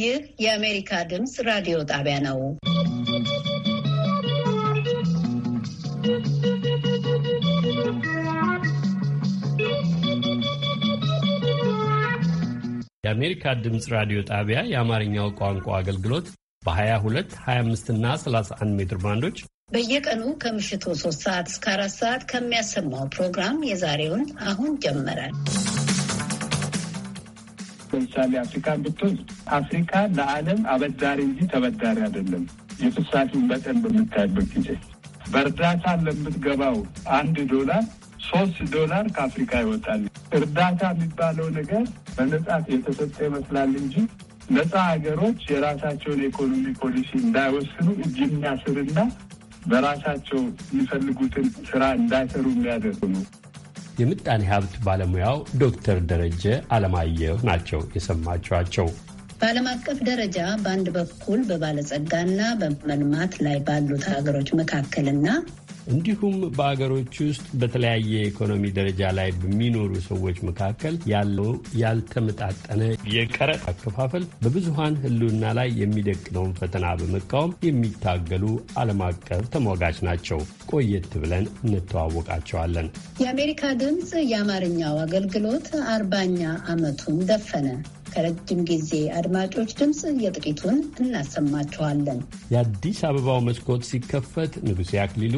ይህ የአሜሪካ ድምፅ ራዲዮ ጣቢያ ነው። የአሜሪካ ድምፅ ራዲዮ ጣቢያ የአማርኛው ቋንቋ አገልግሎት በ22፣ 25 እና 31 ሜትር ባንዶች በየቀኑ ከምሽቱ ሶስት ሰዓት እስከ አራት ሰዓት ከሚያሰማው ፕሮግራም የዛሬውን አሁን ጀመራል። ለምሳሌ አፍሪካ ብትሆን አፍሪካ ለዓለም አበዳሪ እንጂ ተበዳሪ አይደለም። የፍሳሽን መጠን በምታይበት ጊዜ በእርዳታ ለምትገባው አንድ ዶላር ሶስት ዶላር ከአፍሪካ ይወጣል። እርዳታ የሚባለው ነገር በነጻ የተሰጠ ይመስላል እንጂ ነፃ ሀገሮች የራሳቸውን ኢኮኖሚ ፖሊሲ እንዳይወስኑ እጅ የሚያስርና በራሳቸው የሚፈልጉትን ስራ እንዳይሰሩ የሚያደርጉ ነው። የምጣኔ ሀብት ባለሙያው ዶክተር ደረጀ አለማየሁ ናቸው የሰማችኋቸው። በዓለም አቀፍ ደረጃ በአንድ በኩል በባለጸጋና በመልማት ላይ ባሉት ሀገሮች መካከልና እንዲሁም በአገሮች ውስጥ በተለያየ የኢኮኖሚ ደረጃ ላይ በሚኖሩ ሰዎች መካከል ያለው ያልተመጣጠነ የቀረጥ አከፋፈል በብዙሀን ሕልውና ላይ የሚደቅነውን ፈተና በመቃወም የሚታገሉ ዓለም አቀፍ ተሟጋች ናቸው። ቆየት ብለን እንተዋወቃቸዋለን። የአሜሪካ ድምፅ የአማርኛው አገልግሎት አርባኛ ዓመቱን ደፈነ። ከረጅም ጊዜ አድማጮች ድምፅ የጥቂቱን እናሰማችኋለን። የአዲስ አበባው መስኮት ሲከፈት ንጉሴ አክሊሉ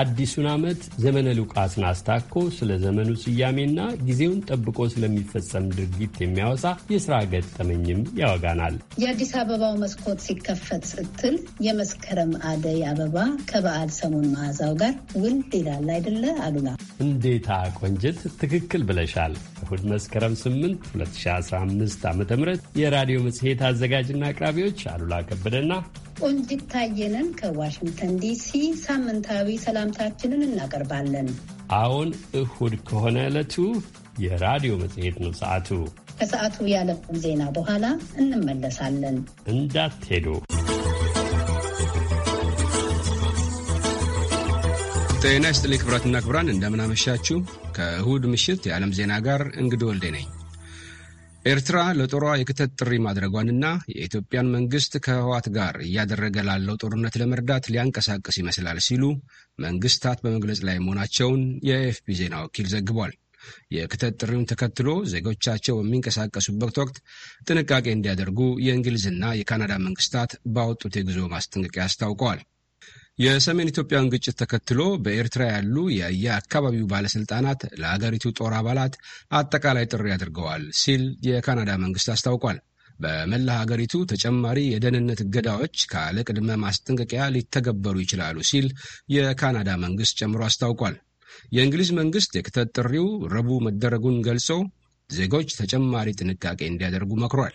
አዲሱን ዓመት ዘመነ ሉቃስን አስታኮ ስለ ዘመኑ ስያሜና ጊዜውን ጠብቆ ስለሚፈጸም ድርጊት የሚያወሳ የስራ ገጠመኝም ያወጋናል። የአዲስ አበባው መስኮት ሲከፈት ስትል የመስከረም አደይ አበባ ከበዓል ሰሞን መዓዛው ጋር ውልድ ይላል አይደለ አሉላ? እንዴታ ቆንጅት፣ ትክክል ብለሻል። እሁድ መስከረም 8 2015 ዓ ም የራዲዮ መጽሔት አዘጋጅና አቅራቢዎች አሉላ ከበደና ቆንጂት ታየንን ከዋሽንግተን ዲሲ ሳምንታዊ ሰላምታችንን እናቀርባለን። አሁን እሁድ ከሆነ ዕለቱ የራዲዮ መጽሔት ነው ሰዓቱ። ከሰዓቱ ያለውን ዜና በኋላ እንመለሳለን፣ እንዳትሄዱ። ጤና ይስጥልኝ ክብራትና ክብራን፣ እንደምናመሻችሁ። ከእሁድ ምሽት የዓለም ዜና ጋር እንግዲህ ወልዴ ነኝ። ኤርትራ ለጦሯ የክተት ጥሪ ማድረጓንና የኢትዮጵያን መንግስት ከህዋት ጋር እያደረገ ላለው ጦርነት ለመርዳት ሊያንቀሳቅስ ይመስላል ሲሉ መንግስታት በመግለጽ ላይ መሆናቸውን የኤፍፒ ዜና ወኪል ዘግቧል። የክተት ጥሪውን ተከትሎ ዜጎቻቸው በሚንቀሳቀሱበት ወቅት ጥንቃቄ እንዲያደርጉ የእንግሊዝና የካናዳ መንግስታት ባወጡት የጉዞ ማስጠንቀቂያ አስታውቀዋል። የሰሜን ኢትዮጵያን ግጭት ተከትሎ በኤርትራ ያሉ የየአካባቢው ባለስልጣናት ለአገሪቱ ጦር አባላት አጠቃላይ ጥሪ አድርገዋል ሲል የካናዳ መንግስት አስታውቋል። በመላ ሀገሪቱ ተጨማሪ የደህንነት እገዳዎች ካለ ቅድመ ማስጠንቀቂያ ሊተገበሩ ይችላሉ ሲል የካናዳ መንግስት ጨምሮ አስታውቋል። የእንግሊዝ መንግስት የክተት ጥሪው ረቡዕ መደረጉን ገልጾ ዜጎች ተጨማሪ ጥንቃቄ እንዲያደርጉ መክሯል።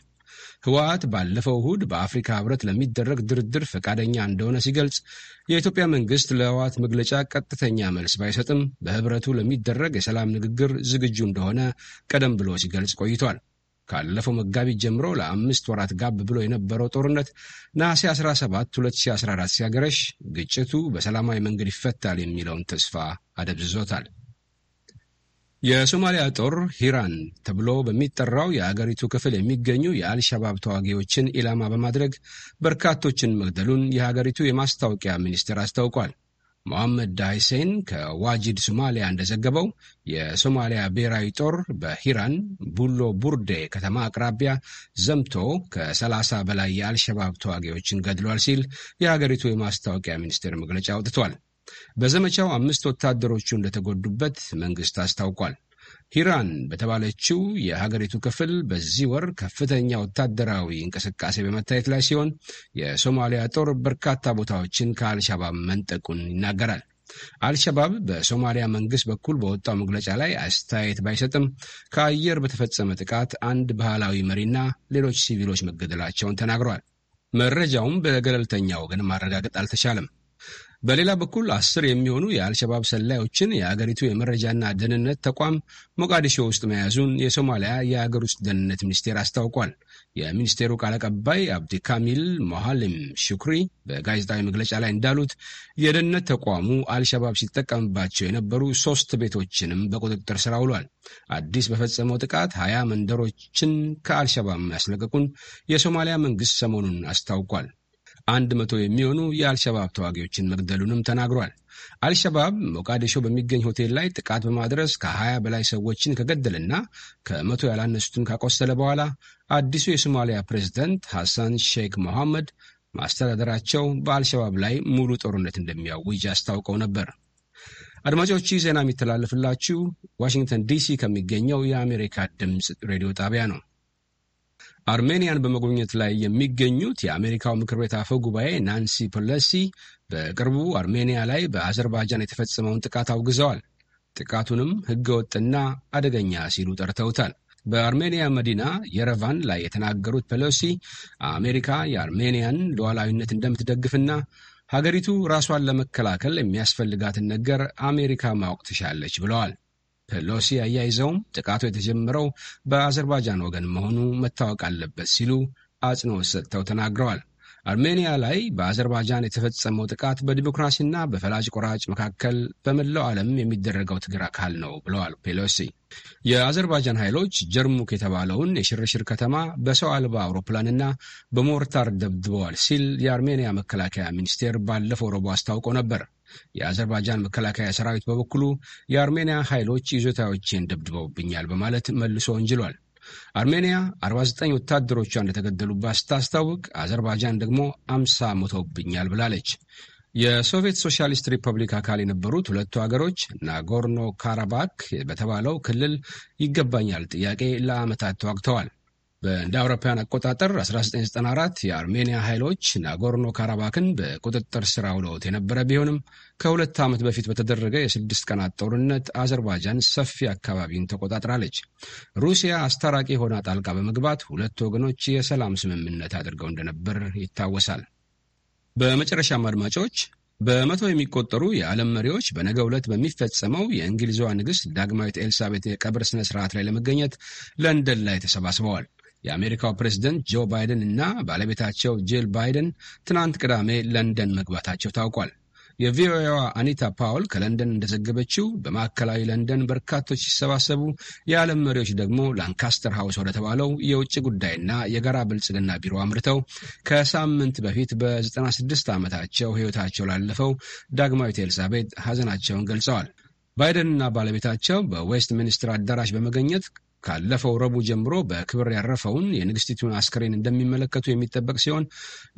ህወሓት ባለፈው እሁድ በአፍሪካ ህብረት ለሚደረግ ድርድር ፈቃደኛ እንደሆነ ሲገልጽ የኢትዮጵያ መንግስት ለህወሓት መግለጫ ቀጥተኛ መልስ ባይሰጥም በህብረቱ ለሚደረግ የሰላም ንግግር ዝግጁ እንደሆነ ቀደም ብሎ ሲገልጽ ቆይቷል። ካለፈው መጋቢት ጀምሮ ለአምስት ወራት ጋብ ብሎ የነበረው ጦርነት ነሐሴ 17 2014 ሲያገረሽ ግጭቱ በሰላማዊ መንገድ ይፈታል የሚለውን ተስፋ አደብዝዞታል። የሶማሊያ ጦር ሂራን ተብሎ በሚጠራው የአገሪቱ ክፍል የሚገኙ የአልሸባብ ተዋጊዎችን ኢላማ በማድረግ በርካቶችን መግደሉን የሀገሪቱ የማስታወቂያ ሚኒስቴር አስታውቋል። መሐመድ ዳይሴን ከዋጂድ ሶማሊያ እንደዘገበው የሶማሊያ ብሔራዊ ጦር በሂራን ቡሎ ቡርዴ ከተማ አቅራቢያ ዘምቶ ከ30 በላይ የአልሸባብ ተዋጊዎችን ገድሏል ሲል የሀገሪቱ የማስታወቂያ ሚኒስቴር መግለጫ አውጥቷል። በዘመቻው አምስት ወታደሮቹ እንደተጎዱበት መንግሥት አስታውቋል። ሂራን በተባለችው የሀገሪቱ ክፍል በዚህ ወር ከፍተኛ ወታደራዊ እንቅስቃሴ በመታየት ላይ ሲሆን የሶማሊያ ጦር በርካታ ቦታዎችን ከአልሻባብ መንጠቁን ይናገራል። አልሸባብ በሶማሊያ መንግሥት በኩል በወጣው መግለጫ ላይ አስተያየት ባይሰጥም ከአየር በተፈጸመ ጥቃት አንድ ባህላዊ መሪና ሌሎች ሲቪሎች መገደላቸውን ተናግረዋል። መረጃውም በገለልተኛ ወገን ማረጋገጥ አልተቻለም። በሌላ በኩል አስር የሚሆኑ የአልሸባብ ሰላዮችን የአገሪቱ የመረጃና ደህንነት ተቋም ሞቃዲሾ ውስጥ መያዙን የሶማሊያ የአገር ውስጥ ደህንነት ሚኒስቴር አስታውቋል። የሚኒስቴሩ ቃል አቀባይ አብዲካሚል ሞሃሊም ሹክሪ በጋዜጣዊ መግለጫ ላይ እንዳሉት የደህንነት ተቋሙ አልሸባብ ሲጠቀምባቸው የነበሩ ሶስት ቤቶችንም በቁጥጥር ስር አውሏል። አዲስ በፈጸመው ጥቃት ሀያ መንደሮችን ከአልሸባብ ያስለቀቁን የሶማሊያ መንግስት ሰሞኑን አስታውቋል። አንድ መቶ የሚሆኑ የአልሸባብ ተዋጊዎችን መግደሉንም ተናግሯል። አልሸባብ ሞቃዲሾ በሚገኝ ሆቴል ላይ ጥቃት በማድረስ ከ20 በላይ ሰዎችን ከገደልና ከመቶ ያላነሱትን ካቆሰለ በኋላ አዲሱ የሶማሊያ ፕሬዝደንት ሐሳን ሼክ መሐመድ ማስተዳደራቸው በአልሸባብ ላይ ሙሉ ጦርነት እንደሚያውጅ አስታውቀው ነበር። አድማጮች ዜና የሚተላለፍላችሁ ዋሽንግተን ዲሲ ከሚገኘው የአሜሪካ ድምፅ ሬዲዮ ጣቢያ ነው። አርሜኒያን በመጎብኘት ላይ የሚገኙት የአሜሪካው ምክር ቤት አፈ ጉባኤ ናንሲ ፐሎሲ በቅርቡ አርሜኒያ ላይ በአዘርባይጃን የተፈጸመውን ጥቃት አውግዘዋል። ጥቃቱንም ሕገወጥና አደገኛ ሲሉ ጠርተውታል። በአርሜኒያ መዲና የረቫን ላይ የተናገሩት ፔሎሲ አሜሪካ የአርሜኒያን ሉዓላዊነት እንደምትደግፍና ሀገሪቱ ራሷን ለመከላከል የሚያስፈልጋትን ነገር አሜሪካ ማወቅ ትሻለች ብለዋል። ፔሎሲ አያይዘውም ጥቃቱ የተጀመረው በአዘርባጃን ወገን መሆኑ መታወቅ አለበት ሲሉ አጽንኦት ሰጥተው ተናግረዋል። አርሜኒያ ላይ በአዘርባጃን የተፈጸመው ጥቃት በዲሞክራሲና በፈላጭ ቆራጭ መካከል በመላው ዓለም የሚደረገው ትግር አካል ነው ብለዋል ፔሎሲ። የአዘርባጃን ኃይሎች ጀርሙክ የተባለውን የሽርሽር ከተማ በሰው አልባ አውሮፕላንና በሞርታር ደብድበዋል ሲል የአርሜኒያ መከላከያ ሚኒስቴር ባለፈው ረቡዕ አስታውቆ ነበር። የአዘርባይጃን መከላከያ ሰራዊት በበኩሉ የአርሜኒያ ኃይሎች ይዞታዎቼን ደብድበውብኛል በማለት መልሶ ወንጅሏል። አርሜንያ 49 ወታደሮቿ እንደተገደሉባት ስታስታውቅ አዘርባጃን ደግሞ 50 ሞተውብኛል ብላለች። የሶቪየት ሶሻሊስት ሪፐብሊክ አካል የነበሩት ሁለቱ ሀገሮች ናጎርኖ ካራባክ በተባለው ክልል ይገባኛል ጥያቄ ለዓመታት ተዋግተዋል። በእንደ አውሮፓውያን አቆጣጠር 1994 የአርሜኒያ ኃይሎች ናጎርኖ ካራባክን በቁጥጥር ስር አውለውት የነበረ ቢሆንም ከሁለት ዓመት በፊት በተደረገ የስድስት ቀናት ጦርነት አዘርባጃን ሰፊ አካባቢን ተቆጣጥራለች። ሩሲያ አስታራቂ ሆና ጣልቃ በመግባት ሁለት ወገኖች የሰላም ስምምነት አድርገው እንደነበር ይታወሳል። በመጨረሻም አድማጮች በመቶ የሚቆጠሩ የዓለም መሪዎች በነገ ዕለት በሚፈጸመው የእንግሊዟ ንግሥት ዳግማዊት ኤልሳቤት የቀብር ሥነ ሥርዓት ላይ ለመገኘት ለንደን ላይ ተሰባስበዋል። የአሜሪካው ፕሬዝደንት ጆ ባይደን እና ባለቤታቸው ጂል ባይደን ትናንት ቅዳሜ ለንደን መግባታቸው ታውቋል። የቪኦኤዋ አኒታ ፓውል ከለንደን እንደዘገበችው በማዕከላዊ ለንደን በርካቶች ሲሰባሰቡ የዓለም መሪዎች ደግሞ ላንካስተር ሀውስ ወደተባለው የውጭ ጉዳይና የጋራ ብልጽግና ቢሮ አምርተው ከሳምንት በፊት በ96 ዓመታቸው ሕይወታቸው ላለፈው ዳግማዊት ኤልሳቤጥ ሐዘናቸውን ገልጸዋል። ባይደንና ባለቤታቸው በዌስት ሚኒስትር አዳራሽ በመገኘት ካለፈው ረቡዕ ጀምሮ በክብር ያረፈውን የንግስቲቱን አስክሬን እንደሚመለከቱ የሚጠበቅ ሲሆን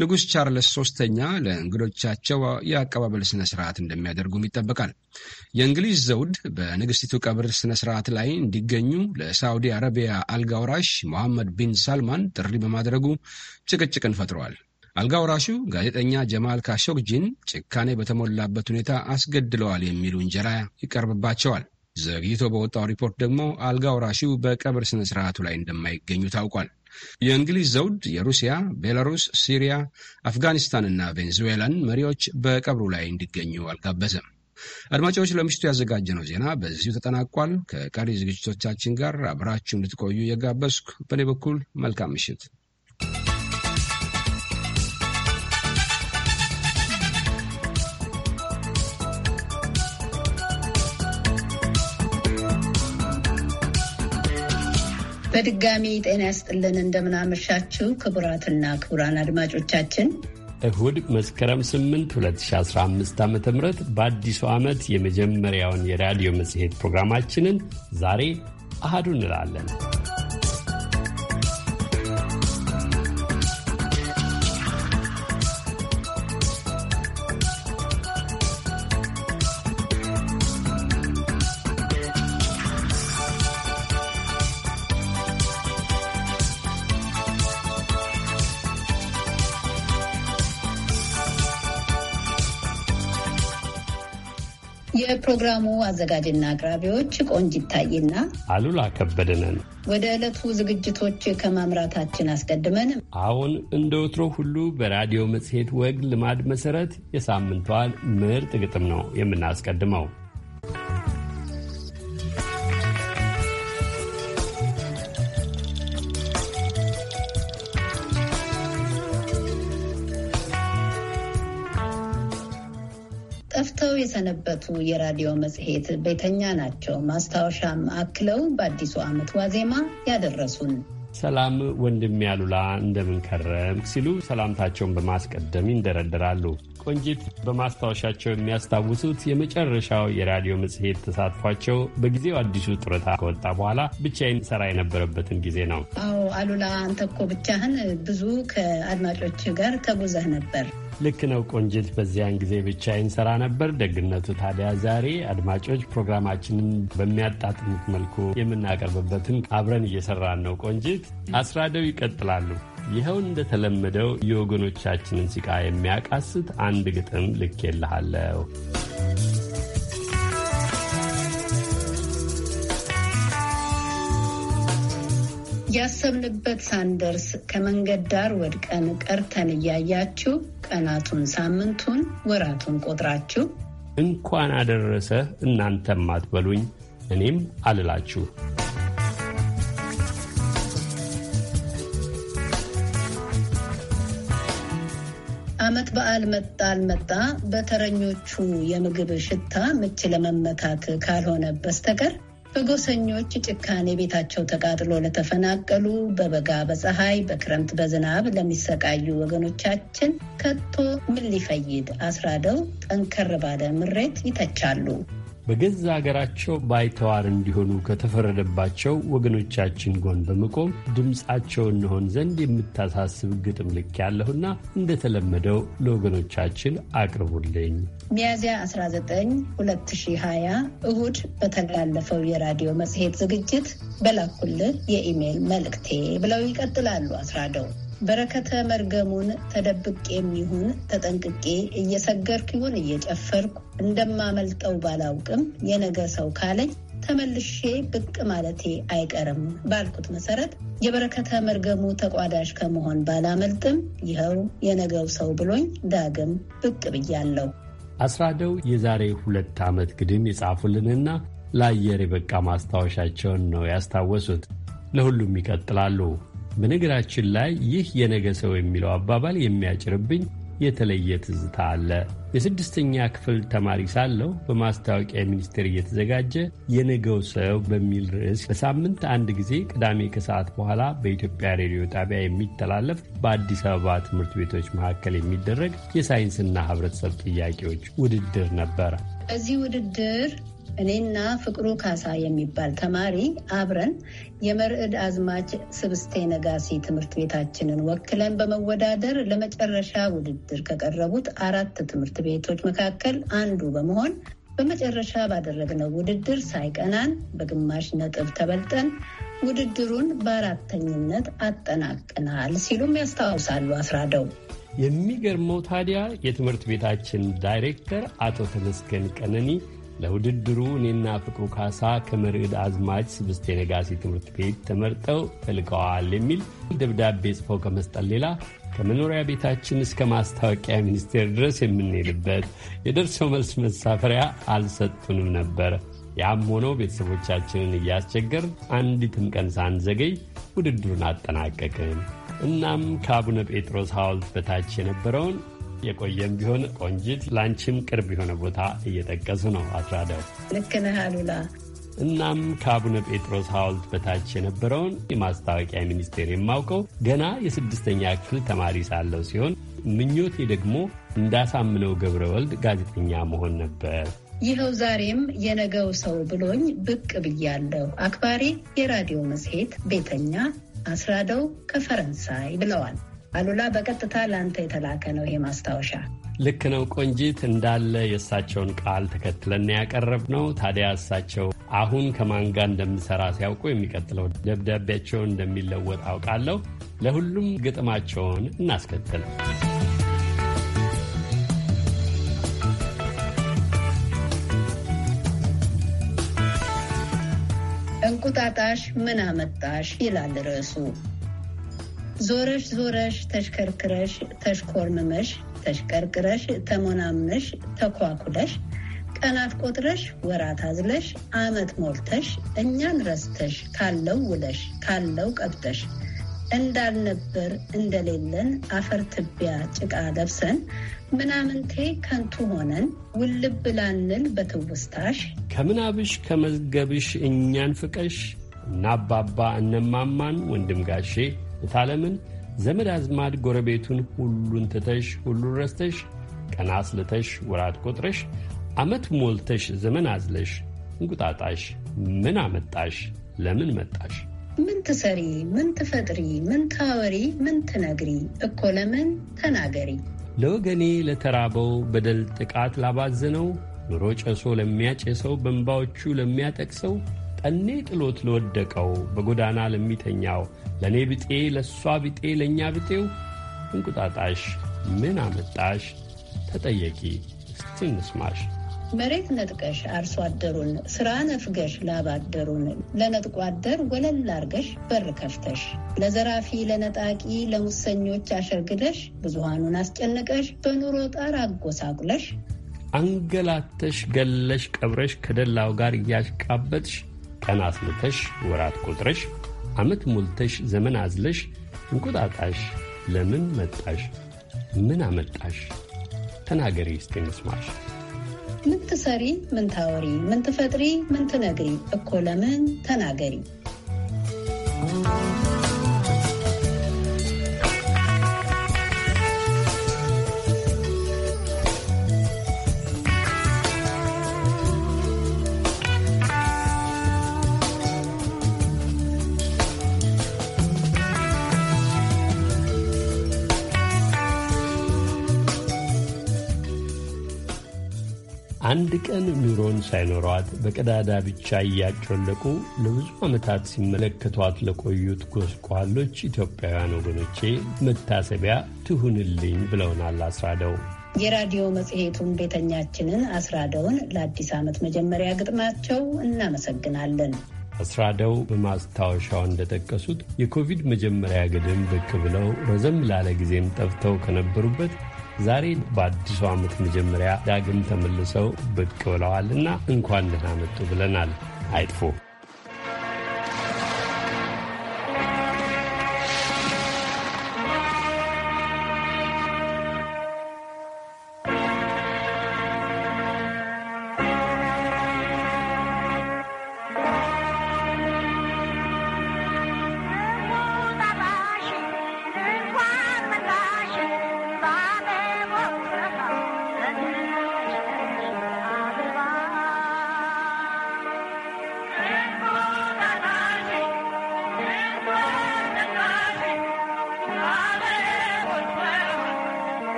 ንጉሥ ቻርለስ ሶስተኛ ለእንግዶቻቸው የአቀባበል ስነ ስርዓት እንደሚያደርጉም ይጠበቃል። የእንግሊዝ ዘውድ በንግስቲቱ ቀብር ስነ ስርዓት ላይ እንዲገኙ ለሳዑዲ አረቢያ አልጋ ወራሽ ሞሐመድ ቢን ሳልማን ጥሪ በማድረጉ ጭቅጭቅን ፈጥረዋል። አልጋ ወራሹ ጋዜጠኛ ጀማል ካሾግጂን ጭካኔ በተሞላበት ሁኔታ አስገድለዋል የሚል ውንጀላ ይቀርብባቸዋል። ዘግይቶ በወጣው ሪፖርት ደግሞ አልጋ ወራሺው በቀብር ስነ ስርዓቱ ላይ እንደማይገኙ ታውቋል። የእንግሊዝ ዘውድ የሩሲያ፣ ቤላሩስ፣ ሲሪያ፣ አፍጋኒስታንና ቬንዙዌላን መሪዎች በቀብሩ ላይ እንዲገኙ አልጋበዘም። አድማጮች፣ ለምሽቱ ያዘጋጀነው ዜና በዚሁ ተጠናቋል። ከቀሪ ዝግጅቶቻችን ጋር አብራችሁ እንድትቆዩ እየጋበዝኩ በእኔ በኩል መልካም ምሽት። በድጋሚ ጤና ያስጥልን። እንደምናመሻችው ክቡራትና ክቡራን አድማጮቻችን እሁድ መስከረም 8 2015 ዓ ም በአዲሱ ዓመት የመጀመሪያውን የራዲዮ መጽሔት ፕሮግራማችንን ዛሬ አህዱ እንላለን። የፕሮግራሙ አዘጋጅና አቅራቢዎች ቆንጅ ይታይና አሉላ ከበደ ነን። ወደ ዕለቱ ዝግጅቶች ከማምራታችን አስቀድመን አሁን እንደ ወትሮ ሁሉ በራዲዮ መጽሔት ወግ ልማድ መሰረት የሳምንቷን ምርጥ ግጥም ነው የምናስቀድመው። የሰነበቱ የራዲዮ መጽሔት ቤተኛ ናቸው። ማስታወሻም አክለው በአዲሱ ዓመት ዋዜማ ያደረሱን ሰላም ወንድሜ አሉላ እንደምንከረም ሲሉ ሰላምታቸውን በማስቀደም ይንደረደራሉ። ቆንጂት በማስታወሻቸው የሚያስታውሱት የመጨረሻው የራዲዮ መጽሔት ተሳትፏቸው በጊዜው አዲሱ ጡረታ ከወጣ በኋላ ብቻዬን ሰራ የነበረበትን ጊዜ ነው። አዎ አሉላ፣ አንተ እኮ ብቻህን ብዙ ከአድማጮች ጋር ተጉዘህ ነበር። ልክ ነው ቆንጅት። በዚያን ጊዜ ብቻዬን ሰራ ነበር። ደግነቱ ታዲያ ዛሬ አድማጮች ፕሮግራማችንን በሚያጣጥሙት መልኩ የምናቀርብበትን አብረን እየሰራን ነው። ቆንጅት አስራደው ይቀጥላሉ። ይኸው እንደተለመደው የወገኖቻችንን ሲቃ የሚያቃስት አንድ ግጥም ልኬልሃለሁ። እያሰብንበት ሳንደርስ ከመንገድ ዳር ወድቀን ቀርተን እያያችሁ ቀናቱን፣ ሳምንቱን፣ ወራቱን ቆጥራችሁ እንኳን አደረሰ እናንተም አትበሉኝ እኔም አልላችሁ። ዓመት በዓል መጣ አልመጣ በተረኞቹ የምግብ ሽታ ምች ለመመታት ካልሆነ በስተቀር በጎሰኞች ጭካኔ ቤታቸው ተቃጥሎ ለተፈናቀሉ፣ በበጋ በፀሐይ በክረምት በዝናብ ለሚሰቃዩ ወገኖቻችን ከቶ ምን ሊፈይድ አስራደው ጠንከር ባለ ምሬት ይተቻሉ። በገዛ አገራቸው ባይተዋር እንዲሆኑ ከተፈረደባቸው ወገኖቻችን ጎን በመቆም ድምፃቸው እንሆን ዘንድ የምታሳስብ ግጥም ልክ ያለሁና እንደተለመደው ለወገኖቻችን አቅርቡልኝ። ሚያዝያ 19 2020 እሁድ በተላለፈው የራዲዮ መጽሔት ዝግጅት በላኩልን የኢሜይል መልእክቴ ብለው ይቀጥላሉ አስራደው በረከተ መርገሙን ተደብቄ የሚሆን ተጠንቅቄ እየሰገርኩ ይሆን እየጨፈርኩ እንደማመልጠው ባላውቅም የነገ ሰው ካለኝ ተመልሼ ብቅ ማለቴ አይቀርም ባልኩት መሰረት የበረከተ መርገሙ ተቋዳሽ ከመሆን ባላመልጥም ይኸው የነገው ሰው ብሎኝ ዳግም ብቅ ብያለሁ። አስራደው የዛሬ ሁለት ዓመት ግድም የጻፉልንና ለአየር የበቃ ማስታወሻቸውን ነው ያስታወሱት። ለሁሉም ይቀጥላሉ። በነገራችን ላይ ይህ የነገ ሰው የሚለው አባባል የሚያጭርብኝ የተለየ ትዝታ አለ። የስድስተኛ ክፍል ተማሪ ሳለሁ በማስታወቂያ ሚኒስቴር እየተዘጋጀ የነገው ሰው በሚል ርዕስ በሳምንት አንድ ጊዜ ቅዳሜ ከሰዓት በኋላ በኢትዮጵያ ሬዲዮ ጣቢያ የሚተላለፍ በአዲስ አበባ ትምህርት ቤቶች መካከል የሚደረግ የሳይንስና ሕብረተሰብ ጥያቄዎች ውድድር ነበር። በዚህ ውድድር እኔና ፍቅሩ ካሳ የሚባል ተማሪ አብረን የመርዕድ አዝማች ስብስቴ ነጋሲ ትምህርት ቤታችንን ወክለን በመወዳደር ለመጨረሻ ውድድር ከቀረቡት አራት ትምህርት ቤቶች መካከል አንዱ በመሆን በመጨረሻ ባደረግነው ውድድር ሳይቀናን በግማሽ ነጥብ ተበልጠን ውድድሩን በአራተኝነት አጠናቀናል ሲሉም ያስታውሳሉ አስራደው። የሚገርመው ታዲያ የትምህርት ቤታችን ዳይሬክተር አቶ ተመስገን ቀነኒ ለውድድሩ እኔና ፍቅሩ ካሳ ከመርዕድ አዝማች ስብስቴ ነጋሴ ትምህርት ቤት ተመርጠው ተልቀዋል የሚል ደብዳቤ ጽፈው ከመስጠት ሌላ ከመኖሪያ ቤታችን እስከ ማስታወቂያ ሚኒስቴር ድረስ የምንሄድበት የደርሶ መልስ መሳፈሪያ አልሰጡንም ነበር። ያም ሆነው ቤተሰቦቻችንን እያስቸገር አንዲትም ቀን ሳንዘገይ ውድድሩን አጠናቀቅን። እናም ከአቡነ ጴጥሮስ ሐውልት በታች የነበረውን የቆየም ቢሆን ቆንጂት ላንቺም ቅርብ የሆነ ቦታ እየጠቀሱ ነው አስራደው። ልክ ነህ አሉላ። እናም ከአቡነ ጴጥሮስ ሐውልት በታች የነበረውን የማስታወቂያ ሚኒስቴር የማውቀው ገና የስድስተኛ ክፍል ተማሪ ሳለው ሲሆን ምኞቴ ደግሞ እንዳሳምነው ገብረ ወልድ ጋዜጠኛ መሆን ነበር። ይኸው ዛሬም የነገው ሰው ብሎኝ ብቅ ብያለሁ። አክባሪ የራዲዮ መጽሔት ቤተኛ አስራደው ከፈረንሳይ ብለዋል። አሉላ በቀጥታ ለአንተ የተላከ ነው ይሄ ማስታወሻ። ልክ ነው ቆንጂት፣ እንዳለ የእሳቸውን ቃል ተከትለን ያቀረብ ነው። ታዲያ እሳቸው አሁን ከማን ጋር እንደምሰራ ሲያውቁ የሚቀጥለው ደብዳቤያቸውን እንደሚለወጥ አውቃለሁ። ለሁሉም ግጥማቸውን እናስከትል። እንቁጣጣሽ ምን አመጣሽ ይላል ርዕሱ። ዞረሽ ዞረሽ ተሽከርክረሽ ተሽኮርምመሽ ተሽቀርቅረሽ ተሞናምነሽ ተኳኩለሽ ቀናት ቆጥረሽ ወራት አዝለሽ አመት ሞልተሽ እኛን ረስተሽ ካለው ውለሽ ካለው ቀብጠሽ እንዳልነበር እንደሌለን አፈር ትቢያ ጭቃ ለብሰን ምናምንቴ ከንቱ ሆነን ውልብ ላንል በትውስታሽ ከምናብሽ ከመዝገብሽ እኛን ፍቀሽ እናባባ እነማማን ወንድም ጋሼ የታለምን ዘመድ አዝማድ ጎረቤቱን ሁሉን ትተሽ ሁሉን ረስተሽ ቀና አስልተሽ ወራት ቆጥረሽ ዓመት ሞልተሽ ዘመን አዝለሽ እንቁጣጣሽ ምን አመጣሽ ለምን መጣሽ ምን ትሰሪ ምን ትፈጥሪ ምን ታወሪ ምን ትነግሪ እኮ ለምን ተናገሪ ለወገኔ ለተራበው በደል ጥቃት ላባዘነው ኑሮ ጨሶ ለሚያጨሰው በንባዎቹ ለሚያጠቅሰው ጠኔ ጥሎት ለወደቀው በጎዳና ለሚተኛው ለእኔ ብጤ ለእሷ ብጤ ለእኛ ብጤው እንቁጣጣሽ ምን አመጣሽ ተጠየቂ ስትንስማሽ መሬት ነጥቀሽ አርሶ አደሩን ስራ ነፍገሽ ላባደሩን ለነጥቆ አደር ወለል አርገሽ በር ከፍተሽ ለዘራፊ ለነጣቂ ለሙሰኞች አሸርግደሽ ብዙሃኑን አስጨነቀሽ በኑሮ ጣር አጎሳቁለሽ አንገላተሽ ገለሽ ቀብረሽ ከደላው ጋር እያሽቃበጥሽ ቀን አስልተሽ፣ ወራት ቆጥረሽ፣ ዓመት ሞልተሽ፣ ዘመን አዝለሽ፣ እንቁጣጣሽ ለምን መጣሽ? ምን አመጣሽ? ተናገሪ እስቲ እንስማሽ። ምን ትሰሪ? ምን ታወሪ? ምን ትፈጥሪ? ምን ትነግሪ? እኮ ለምን ተናገሪ አንድ ቀን ኑሮን ሳይኖሯት በቀዳዳ ብቻ እያጮለቁ ለብዙ ዓመታት ሲመለከቷት ለቆዩት ጎስቋሎች ኢትዮጵያውያን ወገኖቼ መታሰቢያ ትሁንልኝ ብለውናል አስራደው። የራዲዮ መጽሔቱን ቤተኛችንን አስራደውን ለአዲስ ዓመት መጀመሪያ ግጥማቸው እናመሰግናለን። አስራደው በማስታወሻው እንደጠቀሱት የኮቪድ መጀመሪያ ግድም ብቅ ብለው ረዘም ላለ ጊዜም ጠፍተው ከነበሩበት ዛሬ በአዲሱ ዓመት መጀመሪያ ዳግም ተመልሰው ብቅ ብለዋልና እንኳን ደህና መጡ ብለናል። አይጥፎ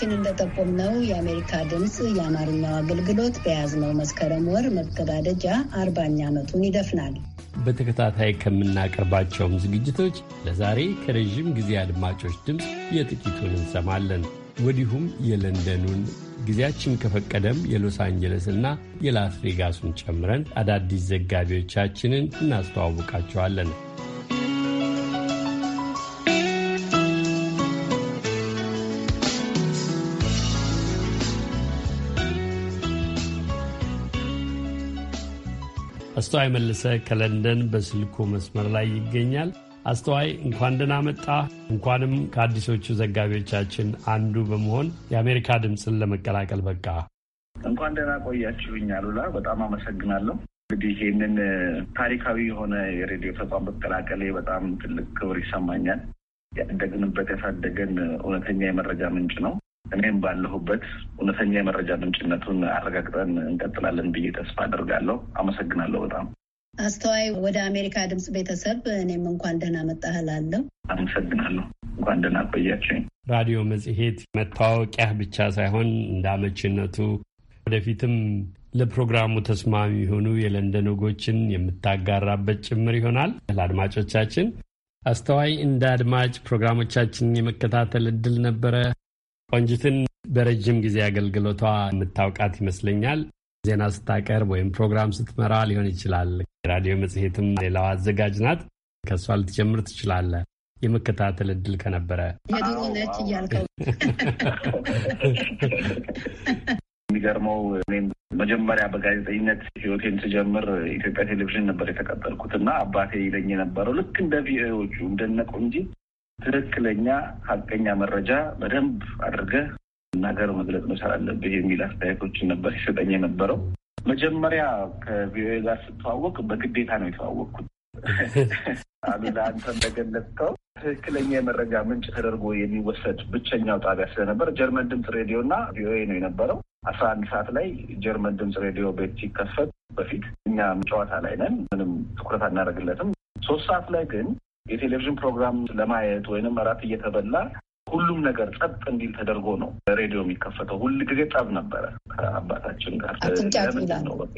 ዘገባችን ነው የአሜሪካ ድምፅ የአማርኛው አገልግሎት በያዝነው መስከረም ወር መገባደጃ አርባኛ ዓመቱን ይደፍናል። በተከታታይ ከምናቀርባቸውም ዝግጅቶች ለዛሬ ከረዥም ጊዜ አድማጮች ድምፅ የጥቂቱን እንሰማለን። ወዲሁም የለንደኑን ጊዜያችን ከፈቀደም የሎስ አንጀለስና የላስ ቬጋሱን ጨምረን አዳዲስ ዘጋቢዎቻችንን እናስተዋውቃቸዋለን። አስተዋይ መለሰ ከለንደን በስልኩ መስመር ላይ ይገኛል። አስተዋይ እንኳን ደህና መጣ። እንኳንም ከአዲሶቹ ዘጋቢዎቻችን አንዱ በመሆን የአሜሪካ ድምፅን ለመቀላቀል በቃ እንኳን ደህና ቆያችሁኝ። አሉላ በጣም አመሰግናለሁ። እንግዲህ ይህንን ታሪካዊ የሆነ የሬዲዮ ተቋም መቀላቀሌ በጣም ትልቅ ክብር ይሰማኛል። ያደግንበት ያሳደገን እውነተኛ የመረጃ ምንጭ ነው። እኔም ባለሁበት እውነተኛ የመረጃ ምንጭነቱን አረጋግጠን እንቀጥላለን ብዬ ተስፋ አደርጋለሁ። አመሰግናለሁ። በጣም አስተዋይ፣ ወደ አሜሪካ ድምፅ ቤተሰብ እኔም እንኳን ደህና መጣህል እላለሁ። አመሰግናለሁ። እንኳን ደህና ቆያችሁኝ። ራዲዮ መጽሔት መታወቂያ ብቻ ሳይሆን እንደ አመችነቱ ወደፊትም ለፕሮግራሙ ተስማሚ የሆኑ የለንደን ወጎችን የምታጋራበት ጭምር ይሆናል። ለአድማጮቻችን አስተዋይ፣ እንደ አድማጭ ፕሮግራሞቻችን የመከታተል እድል ነበረ ቆንጅትን በረጅም ጊዜ አገልግሎቷ የምታውቃት ይመስለኛል። ዜና ስታቀርብ ወይም ፕሮግራም ስትመራ ሊሆን ይችላል። የራዲዮ መጽሔትም ሌላው አዘጋጅ ናት። ከእሷ ልትጀምር ትችላለ የመከታተል እድል ከነበረ የድሮ ነች እያልከው የሚገርመው እኔም መጀመሪያ በጋዜጠኝነት ህይወቴን ስጀምር ኢትዮጵያ ቴሌቪዥን ነበር የተቀጠልኩት እና አባቴ ይለኝ የነበረው ልክ እንደ ቪኦኤዎቹ እንደነ ቆንጂ ትክክለኛ ሀቀኛ መረጃ በደንብ አድርገህ መናገር መግለጽ መቻል አለብህ የሚል አስተያየቶችን ነበር ሲሰጠኝ የነበረው። መጀመሪያ ከቪኦኤ ጋር ስተዋወቅ በግዴታ ነው የተዋወቅኩት። አሉላ አንተ እንደገለጽከው ትክክለኛ የመረጃ ምንጭ ተደርጎ የሚወሰድ ብቸኛው ጣቢያ ስለነበር ጀርመን ድምፅ ሬዲዮ እና ቪኦኤ ነው የነበረው። አስራ አንድ ሰዓት ላይ ጀርመን ድምፅ ሬዲዮ ቤት ሲከፈት በፊት እኛ ጨዋታ ላይ ነን፣ ምንም ትኩረት አናደርግለትም። ሶስት ሰዓት ላይ ግን የቴሌቪዥን ፕሮግራም ለማየት ወይንም እራት እየተበላ ሁሉም ነገር ጸጥ እንዲል ተደርጎ ነው ሬዲዮ የሚከፈተው። ሁል ጊዜ ጠብ ነበረ ከአባታችን ጋር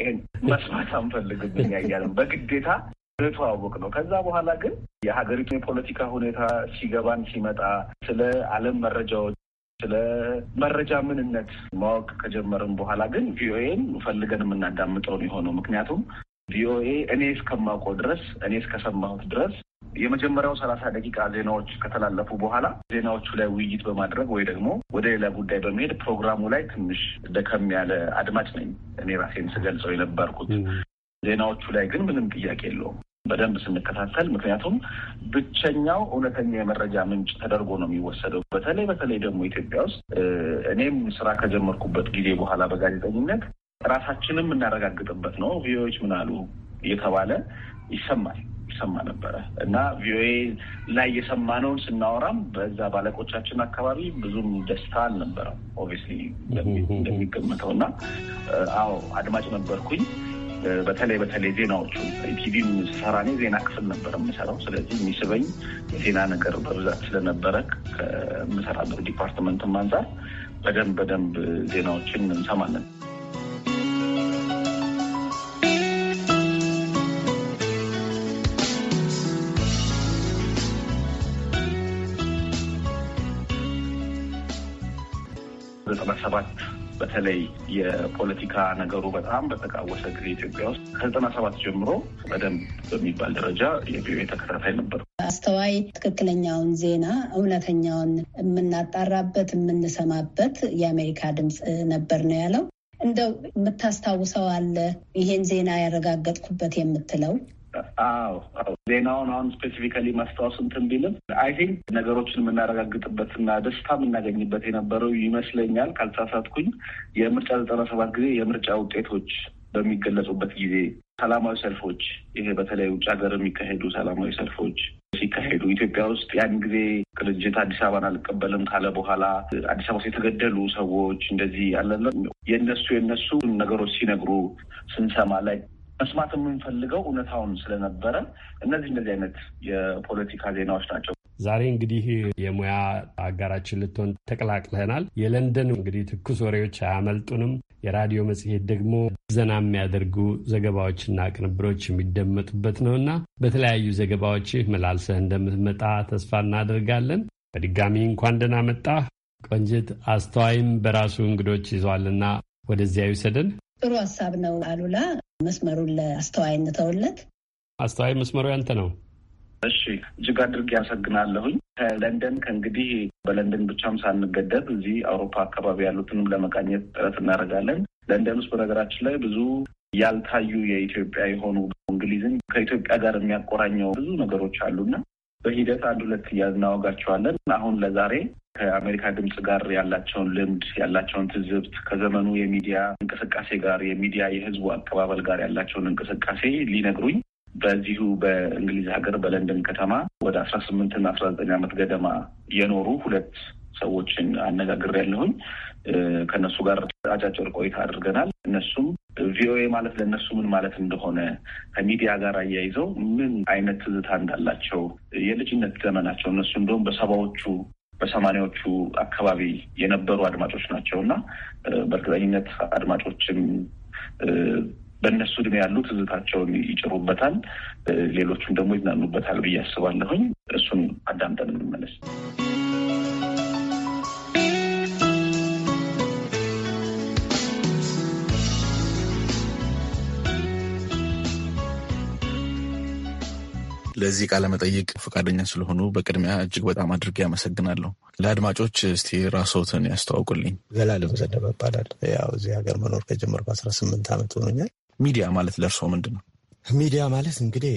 ይሄን መስማት አንፈልግም እያለን በግዴታ የተዋወቅ ነው። ከዛ በኋላ ግን የሀገሪቱ የፖለቲካ ሁኔታ ሲገባን ሲመጣ ስለ ዓለም መረጃዎች ስለ መረጃ ምንነት ማወቅ ከጀመርን በኋላ ግን ቪኦኤን ፈልገን የምናዳምጠውን የሆነው ምክንያቱም ቪኦኤ እኔ እስከማውቀው ድረስ እኔ እስከሰማሁት ድረስ የመጀመሪያው ሰላሳ ደቂቃ ዜናዎች ከተላለፉ በኋላ ዜናዎቹ ላይ ውይይት በማድረግ ወይ ደግሞ ወደ ሌላ ጉዳይ በመሄድ ፕሮግራሙ ላይ ትንሽ ደከም ያለ አድማጭ ነኝ እኔ ራሴን ስገልጸው የነበርኩት። ዜናዎቹ ላይ ግን ምንም ጥያቄ የለውም በደንብ ስንከታተል፣ ምክንያቱም ብቸኛው እውነተኛ የመረጃ ምንጭ ተደርጎ ነው የሚወሰደው። በተለይ በተለይ ደግሞ ኢትዮጵያ ውስጥ እኔም ስራ ከጀመርኩበት ጊዜ በኋላ በጋዜጠኝነት ራሳችንም የምናረጋግጥበት ነው። ቪኦኤዎች ምን አሉ እየተባለ ይሰማል ይሰማ ነበረ እና ቪኦኤ ላይ የሰማነውን ስናወራም በዛ ባለቆቻችን አካባቢ ብዙም ደስታ አልነበረም። ኦብቪስሊ እንደሚገመተው እና አዎ አድማጭ ነበርኩኝ። በተለይ በተለይ ዜናዎቹ ቲቪም ስሰራ እኔ ዜና ክፍል ነበር የምሰራው። ስለዚህ የሚስበኝ ዜና ነገር በብዛት ስለነበረ ከምሰራበት ዲፓርትመንትም አንጻር በደንብ በደንብ ዜናዎችን እንሰማለን። ሰባት በተለይ የፖለቲካ ነገሩ በጣም በተቃወሰ ጊዜ ኢትዮጵያ ውስጥ ከዘጠና ሰባት ጀምሮ በደንብ በሚባል ደረጃ የቪኦኤ ተከታታይ ነበር። አስተዋይ ትክክለኛውን ዜና እውነተኛውን የምናጣራበት የምንሰማበት የአሜሪካ ድምፅ ነበር ነው ያለው። እንደው የምታስታውሰው አለ ይሄን ዜና ያረጋገጥኩበት የምትለው አዎ አዎ ዜናውን አሁን ስፔሲፊካሊ ማስታወስ እንትን ቢልም አይ ቲንክ ነገሮችን የምናረጋግጥበትና ደስታ የምናገኝበት የነበረው ይመስለኛል ካልተሳሳትኩኝ የምርጫ ዘጠና ሰባት ጊዜ የምርጫ ውጤቶች በሚገለጹበት ጊዜ ሰላማዊ ሰልፎች፣ ይሄ በተለይ ውጭ ሀገር የሚካሄዱ ሰላማዊ ሰልፎች ሲካሄዱ ኢትዮጵያ ውስጥ ያን ጊዜ ቅንጅት አዲስ አበባን አልቀበልም ካለ በኋላ አዲስ አበባ ውስጥ የተገደሉ ሰዎች እንደዚህ አለለ የእነሱ የእነሱ ነገሮች ሲነግሩ ስንሰማ ላይ መስማት የምንፈልገው እውነታውን ስለነበረ እነዚህ እንደዚህ አይነት የፖለቲካ ዜናዎች ናቸው። ዛሬ እንግዲህ የሙያ አጋራችን ልትሆን ተቀላቅለናል። የለንደን እንግዲህ ትኩስ ወሬዎች አያመልጡንም። የራዲዮ መጽሔት ደግሞ ዘና የሚያደርጉ ዘገባዎችና ቅንብሮች የሚደመጡበት ነውና በተለያዩ ዘገባዎች መላልሰህ እንደምትመጣ ተስፋ እናደርጋለን። በድጋሚ እንኳን ደህና መጣህ ቆንጅት። አስተዋይም በራሱ እንግዶች ይዟልና ወደዚያ ይውሰደን። ጥሩ ሀሳብ ነው አሉላ። መስመሩን ለአስተዋይ እንተውለት። አስተዋይ መስመሩ ያንተ ነው። እሺ እጅግ አድርጌ አመሰግናለሁኝ ከለንደን ከእንግዲህ በለንደን ብቻም ሳንገደብ እዚህ አውሮፓ አካባቢ ያሉትንም ለመቃኘት ጥረት እናደርጋለን። ለንደን ውስጥ በነገራችን ላይ ብዙ ያልታዩ የኢትዮጵያ የሆኑ እንግሊዝን ከኢትዮጵያ ጋር የሚያቆራኘው ብዙ ነገሮች አሉና በሂደት አንድ ሁለት እናወጋቸዋለን። አሁን ለዛሬ ከአሜሪካ ድምፅ ጋር ያላቸውን ልምድ ያላቸውን ትዝብት ከዘመኑ የሚዲያ እንቅስቃሴ ጋር የሚዲያ የህዝቡ አቀባበል ጋር ያላቸውን እንቅስቃሴ ሊነግሩኝ በዚሁ በእንግሊዝ ሀገር በለንደን ከተማ ወደ አስራ ስምንትና አስራ ዘጠኝ ዓመት ገደማ የኖሩ ሁለት ሰዎችን አነጋግሬያለሁኝ። ከእነሱ ጋር አጫጭር ቆይታ አድርገናል። እነሱም ቪኦኤ ማለት ለእነሱ ምን ማለት እንደሆነ ከሚዲያ ጋር አያይዘው ምን አይነት ትዝታ እንዳላቸው የልጅነት ዘመናቸው እነሱ እንደውም በሰባዎቹ በሰማኒያዎቹ አካባቢ የነበሩ አድማጮች ናቸው እና በእርግጠኝነት አድማጮችም በእነሱ እድሜ ያሉ ትዝታቸውን ይጭሩበታል፣ ሌሎቹም ደግሞ ይዝናኑበታል ብዬ አስባለሁኝ። እሱን አዳምጠን እንመለስ። ለዚህ ቃለመጠይቅ ፈቃደኛ ስለሆኑ በቅድሚያ እጅግ በጣም አድርጌ አመሰግናለሁ። ለአድማጮች እስቲ ራስዎትን ያስተዋውቁልኝ። ዘላለም ዘነበ እባላለሁ። ያው እዚህ ሀገር መኖር ከጀመርኩ አስራ ስምንት ዓመት ሆኖኛል። ሚዲያ ማለት ለእርስዎ ምንድን ነው? ሚዲያ ማለት እንግዲህ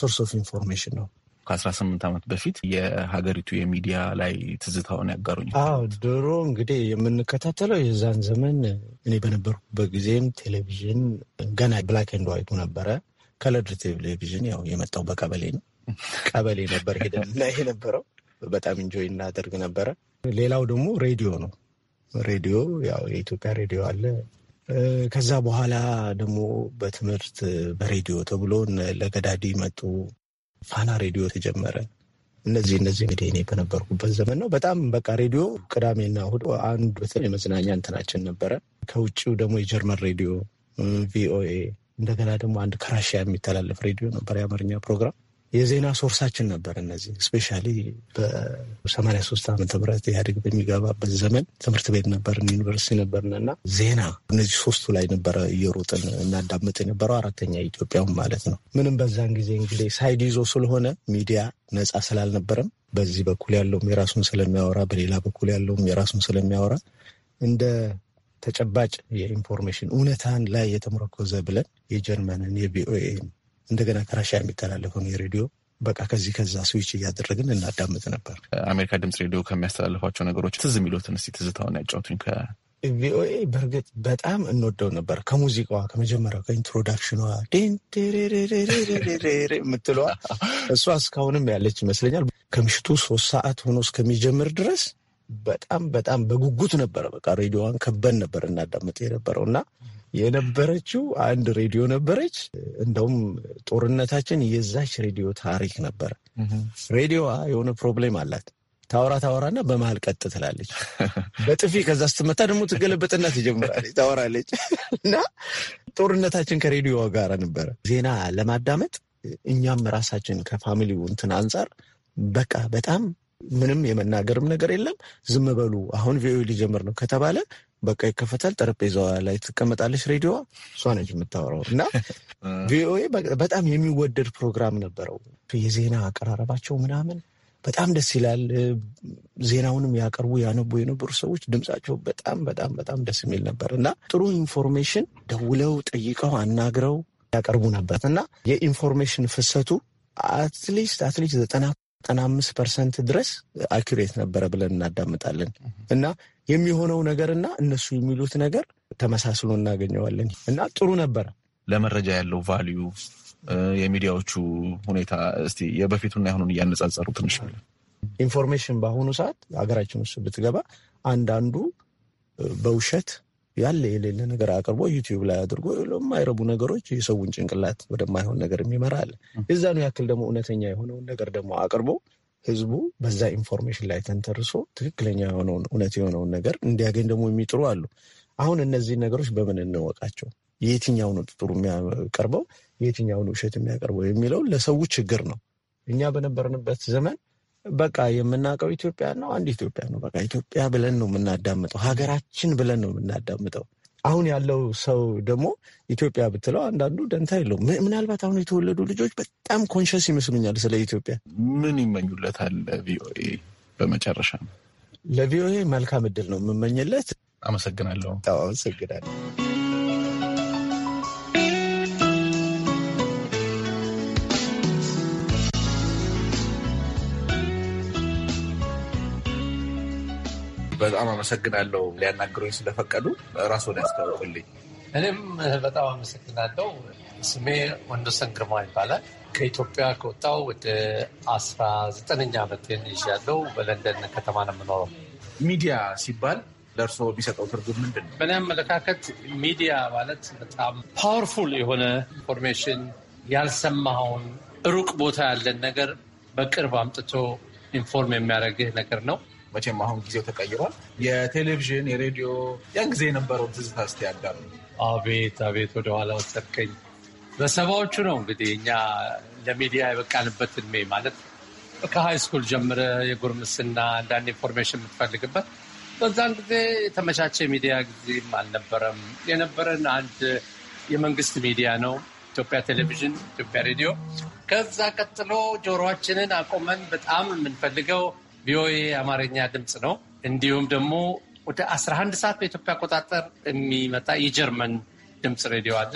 ሶርስ ኦፍ ኢንፎርሜሽን ነው። ከአስራ ስምንት ዓመት በፊት የሀገሪቱ የሚዲያ ላይ ትዝታውን ያጋሩኝ። አዎ ድሮ እንግዲህ የምንከታተለው የዛን ዘመን እኔ በነበርኩበት ጊዜም ቴሌቪዥን ገና ብላክ ኤንድ ዋይቱ ነበረ። ከለድ ቴሌቪዥን ያው የመጣው በቀበሌ ነው። ቀበሌ ነበር ሄደን ላይ በጣም እንጆይ እናደርግ ነበረ። ሌላው ደግሞ ሬዲዮ ነው። ሬዲዮ ያው የኢትዮጵያ ሬዲዮ አለ። ከዛ በኋላ ደግሞ በትምህርት በሬዲዮ ተብሎ ለገዳዲ መጡ። ፋና ሬዲዮ ተጀመረ። እነዚህ እነዚህ እንግዲህ እኔ በነበርኩበት ዘመን ነው። በጣም በቃ ሬዲዮ ቅዳሜና እሑድ አንዱ የመዝናኛ እንትናችን ነበረ። ከውጭው ደግሞ የጀርመን ሬዲዮ ቪኦኤ እንደገና ደግሞ አንድ ከራሽያ የሚተላለፍ ሬዲዮ ነበር፣ የአማርኛ ፕሮግራም የዜና ሶርሳችን ነበር። እነዚህ ስፔሻሊ በሰማንያ ሶስት ዓመተ ምህረት ኢህአዴግ በሚገባበት ዘመን ትምህርት ቤት ነበርን፣ ዩኒቨርሲቲ ነበርን እና ዜና እነዚህ ሶስቱ ላይ ነበረ እየሮጥን እናዳምጥ የነበረው አራተኛ ኢትዮጵያውም ማለት ነው። ምንም በዛን ጊዜ እንግዲህ ሳይድ ይዞ ስለሆነ ሚዲያ ነጻ ስላልነበረም በዚህ በኩል ያለውም የራሱን ስለሚያወራ፣ በሌላ በኩል ያለውም የራሱን ስለሚያወራ እንደ ተጨባጭ የኢንፎርሜሽን እውነታን ላይ የተመረኮዘ ብለን የጀርመንን የቪኦኤን እንደገና ከራሻ የሚተላለፈውን የሬዲዮ በቃ ከዚህ ከዛ ስዊች እያደረግን እናዳምጥ ነበር። አሜሪካ ድምፅ ሬዲዮ ከሚያስተላልፏቸው ነገሮች ትዝ የሚሉትን እስኪ ትዝታውን ያጫውቱኝ። ቪኦኤ በእርግጥ በጣም እንወደው ነበር። ከሙዚቃዋ ከመጀመሪያው ከኢንትሮዳክሽኗ የምትለዋ እሷ እስካሁንም ያለች ይመስለኛል። ከምሽቱ ሶስት ሰዓት ሆኖ እስከሚጀምር ድረስ በጣም በጣም በጉጉት ነበረ። በቃ ሬዲዮዋን ከበን ነበር እናዳምጥ የነበረው እና የነበረችው አንድ ሬዲዮ ነበረች። እንደውም ጦርነታችን የዛች ሬዲዮ ታሪክ ነበረ። ሬዲዮዋ የሆነ ፕሮብሌም አላት። ታወራ ታወራና በመሀል ቀጥ ትላለች በጥፊ ከዛ ስትመታ ደግሞ ትገለበጥና ትጀምራለች ታወራለች። እና ጦርነታችን ከሬዲዮዋ ጋር ነበረ። ዜና ለማዳመጥ እኛም ራሳችን ከፋሚሊው እንትን አንጻር በቃ በጣም ምንም የመናገርም ነገር የለም። ዝም በሉ አሁን ቪኦኤ ሊጀምር ነው ከተባለ በቃ ይከፈታል። ጠረጴዛዋ ላይ ትቀመጣለች ሬዲዮዋ፣ እሷ ነች የምታወራው እና ቪኦኤ በጣም የሚወደድ ፕሮግራም ነበረው። የዜና አቀራረባቸው ምናምን በጣም ደስ ይላል። ዜናውንም ያቀርቡ ያነቡ የነበሩ ሰዎች ድምጻቸው በጣም በጣም በጣም ደስ የሚል ነበር እና ጥሩ ኢንፎርሜሽን ደውለው ጠይቀው አናግረው ያቀርቡ ነበር እና የኢንፎርሜሽን ፍሰቱ አትሊስት አትሊስት ዘጠና ዘጠና አምስት ፐርሰንት ድረስ አኪሬት ነበረ ብለን እናዳምጣለን እና የሚሆነው ነገርና እነሱ የሚሉት ነገር ተመሳስሎ እናገኘዋለን እና ጥሩ ነበረ። ለመረጃ ያለው ቫሊዩ የሚዲያዎቹ ሁኔታ እስቲ የበፊቱና ያሁኑን እያነጻጸሩ ትንሽ ኢንፎርሜሽን በአሁኑ ሰዓት ሀገራችን ውስጥ ብትገባ አንዳንዱ በውሸት ያለ የሌለ ነገር አቅርቦ ዩቲዩብ ላይ አድርጎ የማይረቡ ነገሮች የሰውን ጭንቅላት ወደማይሆን ነገር የሚመራ አለ። የዛኑ ያክል ደግሞ እውነተኛ የሆነውን ነገር ደግሞ አቅርቦ ህዝቡ በዛ ኢንፎርሜሽን ላይ ተንተርሶ ትክክለኛ የሆነውን እውነት የሆነውን ነገር እንዲያገኝ ደግሞ የሚጥሩ አሉ። አሁን እነዚህን ነገሮች በምን እንወቃቸው? የትኛው ነው ጥሩ የሚያቀርበው፣ የትኛው ነው ውሸት የሚያቀርበው የሚለው ለሰው ችግር ነው። እኛ በነበርንበት ዘመን በቃ የምናውቀው ኢትዮጵያ ነው። አንድ ኢትዮጵያ ነው። በቃ ኢትዮጵያ ብለን ነው የምናዳምጠው፣ ሀገራችን ብለን ነው የምናዳምጠው። አሁን ያለው ሰው ደግሞ ኢትዮጵያ ብትለው አንዳንዱ ደንታ የለውም። ምናልባት አሁን የተወለዱ ልጆች በጣም ኮንሽስ ይመስሉኛል ስለ ኢትዮጵያ። ምን ይመኙለታል? ለቪኦኤ በመጨረሻ ለቪኦኤ መልካም እድል ነው የምመኝለት። አመሰግናለሁ። አመሰግናለሁ። በጣም አመሰግናለሁ ሊያናግሩኝ ስለፈቀዱ። ራስዎን ያስተዋውቁልኝ። እኔም በጣም አመሰግናለሁ። ስሜ ወንዶሰን ግርማ ይባላል። ከኢትዮጵያ ከወጣሁ ወደ አስራ ዘጠነኛ ዓመቴን ይዣለሁ። በለንደን ከተማ ነው የምኖረው። ሚዲያ ሲባል ለእርሶ የሚሰጠው ትርጉም ምንድን ነው? በእኔ አመለካከት ሚዲያ ማለት በጣም ፓወርፉል የሆነ ኢንፎርሜሽን፣ ያልሰማኸውን ሩቅ ቦታ ያለን ነገር በቅርብ አምጥቶ ኢንፎርም የሚያደርግህ ነገር ነው። መቼም አሁን ጊዜው ተቀይሯል። የቴሌቪዥን የሬዲዮ ያን ጊዜ የነበረው ትዝታ እስቲ ያዳሉ። አቤት አቤት፣ ወደኋላ ወሰድከኝ። በሰባዎቹ ነው እንግዲህ እኛ ለሚዲያ የበቃንበት እድሜ ማለት ከሃይ ስኩል ጀምረ የጉርምስና አንዳንድ ኢንፎርሜሽን የምትፈልግበት በዛን ጊዜ የተመቻቸ ሚዲያ ጊዜም አልነበረም። የነበረን አንድ የመንግስት ሚዲያ ነው፣ ኢትዮጵያ ቴሌቪዥን፣ ኢትዮጵያ ሬዲዮ። ከዛ ቀጥሎ ጆሮችንን አቆመን በጣም የምንፈልገው ቪኦኤ የአማርኛ ድምፅ ነው። እንዲሁም ደግሞ ወደ 11 ሰዓት በኢትዮጵያ አቆጣጠር የሚመጣ የጀርመን ድምፅ ሬዲዮ አለ።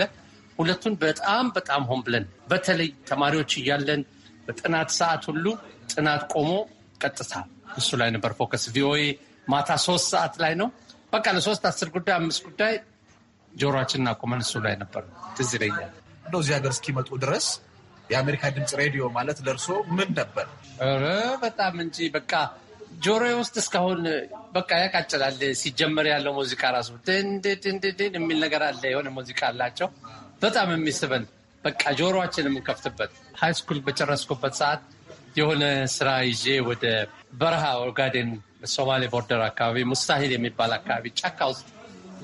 ሁለቱን በጣም በጣም ሆን ብለን በተለይ ተማሪዎች እያለን በጥናት ሰዓት ሁሉ ጥናት ቆሞ ቀጥታ እሱ ላይ ነበር ፎከስ። ቪኦኤ ማታ ሶስት ሰዓት ላይ ነው። በቃ ለሶስት አስር ጉዳይ አምስት ጉዳይ ጆሮችን አቁመን እሱ ላይ ነበር። ትዝ ይለኛል እዚህ ሀገር እስኪመጡ ድረስ የአሜሪካ ድምፅ ሬዲዮ ማለት ለእርሶ ምን ነበር? ኧረ በጣም እንጂ በቃ ጆሮ ውስጥ እስካሁን በቃ ያቃጭላል። ሲጀመር ያለው ሙዚቃ ራሱ ድንድድንድድን የሚል ነገር አለ። የሆነ ሙዚቃ አላቸው በጣም የሚስበን በቃ ጆሮችን የምንከፍትበት። ሃይስኩል በጨረስኩበት ሰዓት የሆነ ስራ ይዤ ወደ በረሃ ኦጋዴን ሶማሌ ቦርደር አካባቢ ሙስታሂል የሚባል አካባቢ ጫካ ውስጥ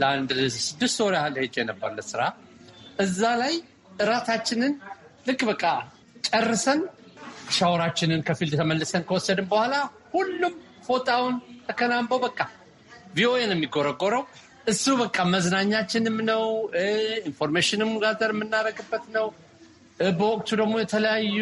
ለአንድ ስድስት ወር ያህል ሄጄ ነበር ለስራ። እዛ ላይ እራታችንን ልክ በቃ ጨርሰን ሻወራችንን ከፊልድ ተመልሰን ከወሰድን በኋላ ሁሉም ፎጣውን ተከናንበው በቃ ቪኦኤ ነው የሚጎረጎረው። እሱ በቃ መዝናኛችንም ነው፣ ኢንፎርሜሽንም ጋዘር የምናደርግበት ነው። በወቅቱ ደግሞ የተለያዩ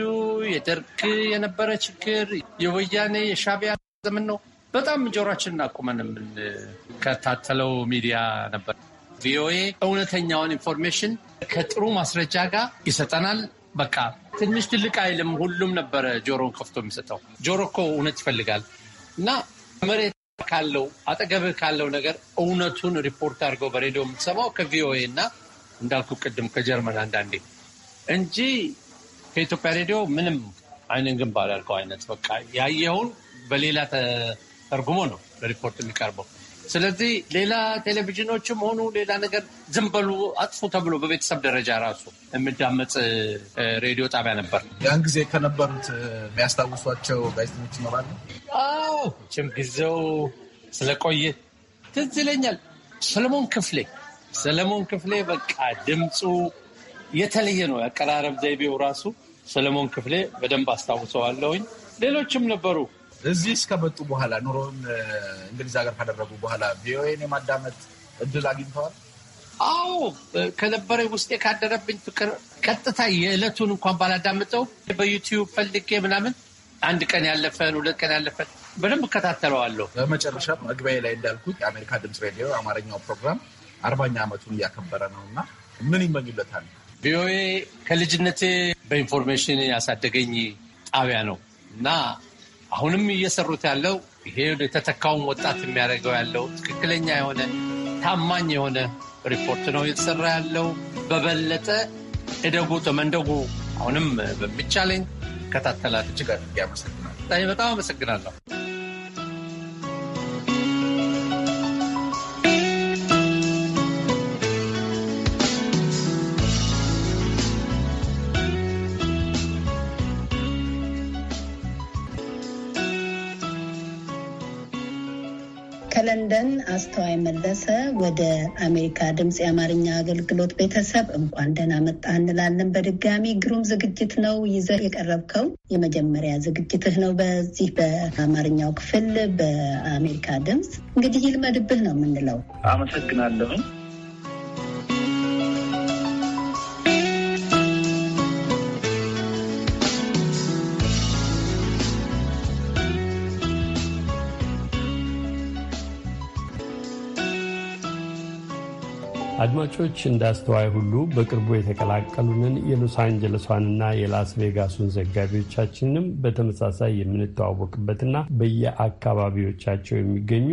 የደርግ የነበረ ችግር፣ የወያኔ የሻቢያ ዘመን ነው። በጣም ጆሯችንን አቁመን የምንከታተለው ሚዲያ ነበር። ቪኦኤ እውነተኛውን ኢንፎርሜሽን ከጥሩ ማስረጃ ጋር ይሰጠናል። በቃ ትንሽ ትልቅ አይልም። ሁሉም ነበረ ጆሮን ከፍቶ የሚሰጠው። ጆሮ እኮ እውነት ይፈልጋል እና መሬት ካለው አጠገብህ ካለው ነገር እውነቱን ሪፖርት አድርገው በሬዲዮ የምትሰማው ከቪኦኤ እና እንዳልኩ ቅድም ከጀርመን አንዳንዴ እንጂ ከኢትዮጵያ ሬዲዮ ምንም አይንን ግንባር ያልከው አይነት በቃ ያየውን በሌላ ተርጉሞ ነው ለሪፖርት የሚቀርበው። ስለዚህ ሌላ ቴሌቪዥኖችም ሆኑ ሌላ ነገር ዝም በሉ አጥፉ ተብሎ በቤተሰብ ደረጃ ራሱ የሚዳመጥ ሬዲዮ ጣቢያ ነበር። ያን ጊዜ ከነበሩት የሚያስታውሷቸው ጋዜጠኞች ይኖራሉ? አዎ፣ ችም ጊዜው ስለቆየ ትዝ ይለኛል። ሰለሞን ክፍሌ ሰለሞን ክፍሌ በቃ ድምፁ የተለየ ነው። ያቀራረብ ዘይቤው ራሱ ሰለሞን ክፍሌ በደንብ አስታውሰዋለሁኝ። ሌሎችም ነበሩ እዚህ እስከመጡ በኋላ ኑሮን እንግሊዝ ሀገር ካደረጉ በኋላ ቪኦኤን የማዳመጥ እድል አግኝተዋል? አዎ ከነበረ ውስጤ ካደረብኝ ፍቅር ቀጥታ የዕለቱን እንኳን ባላዳምጠው በዩቲዩብ ፈልጌ ምናምን አንድ ቀን ያለፈን ሁለት ቀን ያለፈን በደንብ እከታተለዋለሁ። በመጨረሻ መግቢያ ላይ እንዳልኩት የአሜሪካ ድምፅ ሬዲዮ የአማርኛው ፕሮግራም አርባኛ ዓመቱን እያከበረ ነው እና ምን ይመኙለታል? ቪኦኤ ከልጅነቴ በኢንፎርሜሽን ያሳደገኝ ጣቢያ ነው እና አሁንም እየሰሩት ያለው ይሄ የተተካውን ወጣት የሚያደርገው ያለው ትክክለኛ የሆነ ታማኝ የሆነ ሪፖርት ነው እየተሰራ ያለው። በበለጠ እደጉ ተመንደጉ። አሁንም በሚቻለኝ ከታተላት እጅግ አድርጌ አመሰግናለሁ። በጣም አመሰግናለሁ። አብረን አስተዋይ መለሰ ወደ አሜሪካ ድምፅ የአማርኛ አገልግሎት ቤተሰብ እንኳን ደህና መጣ እንላለን። በድጋሚ ግሩም ዝግጅት ነው ይዘህ የቀረብከው። የመጀመሪያ ዝግጅትህ ነው በዚህ በአማርኛው ክፍል በአሜሪካ ድምፅ። እንግዲህ ይልመድብህ ነው የምንለው። አመሰግናለሁ። አድማጮች እንዳስተዋይ ሁሉ በቅርቡ የተቀላቀሉንን የሎስ አንጀለሷንና የላስ ቬጋሱን ዘጋቢዎቻችንንም በተመሳሳይ የምንተዋወቅበትና በየአካባቢዎቻቸው የሚገኙ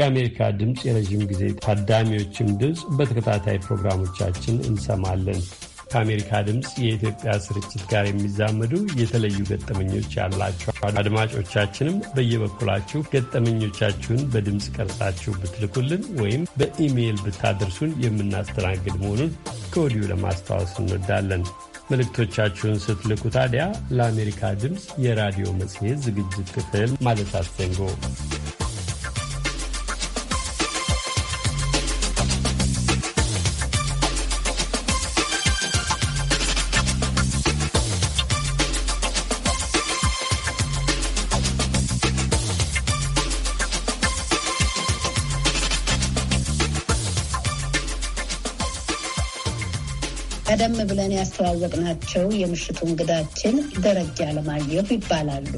የአሜሪካ ድምፅ የረዥም ጊዜ ታዳሚዎችም ድምፅ በተከታታይ ፕሮግራሞቻችን እንሰማለን። ከአሜሪካ ድምፅ የኢትዮጵያ ስርጭት ጋር የሚዛመዱ የተለዩ ገጠመኞች ያላችሁ አድማጮቻችንም በየበኩላችሁ ገጠመኞቻችሁን በድምፅ ቀርጻችሁ ብትልኩልን ወይም በኢሜይል ብታደርሱን የምናስተናግድ መሆኑን ከወዲሁ ለማስታወስ እንወዳለን። መልእክቶቻችሁን ስትልኩ ታዲያ ለአሜሪካ ድምፅ የራዲዮ መጽሔት ዝግጅት ክፍል ማለት አስዘንጎ ብለን ያስተዋወቅናቸው የምሽቱ እንግዳችን ደረጀ አለማየሁ ይባላሉ።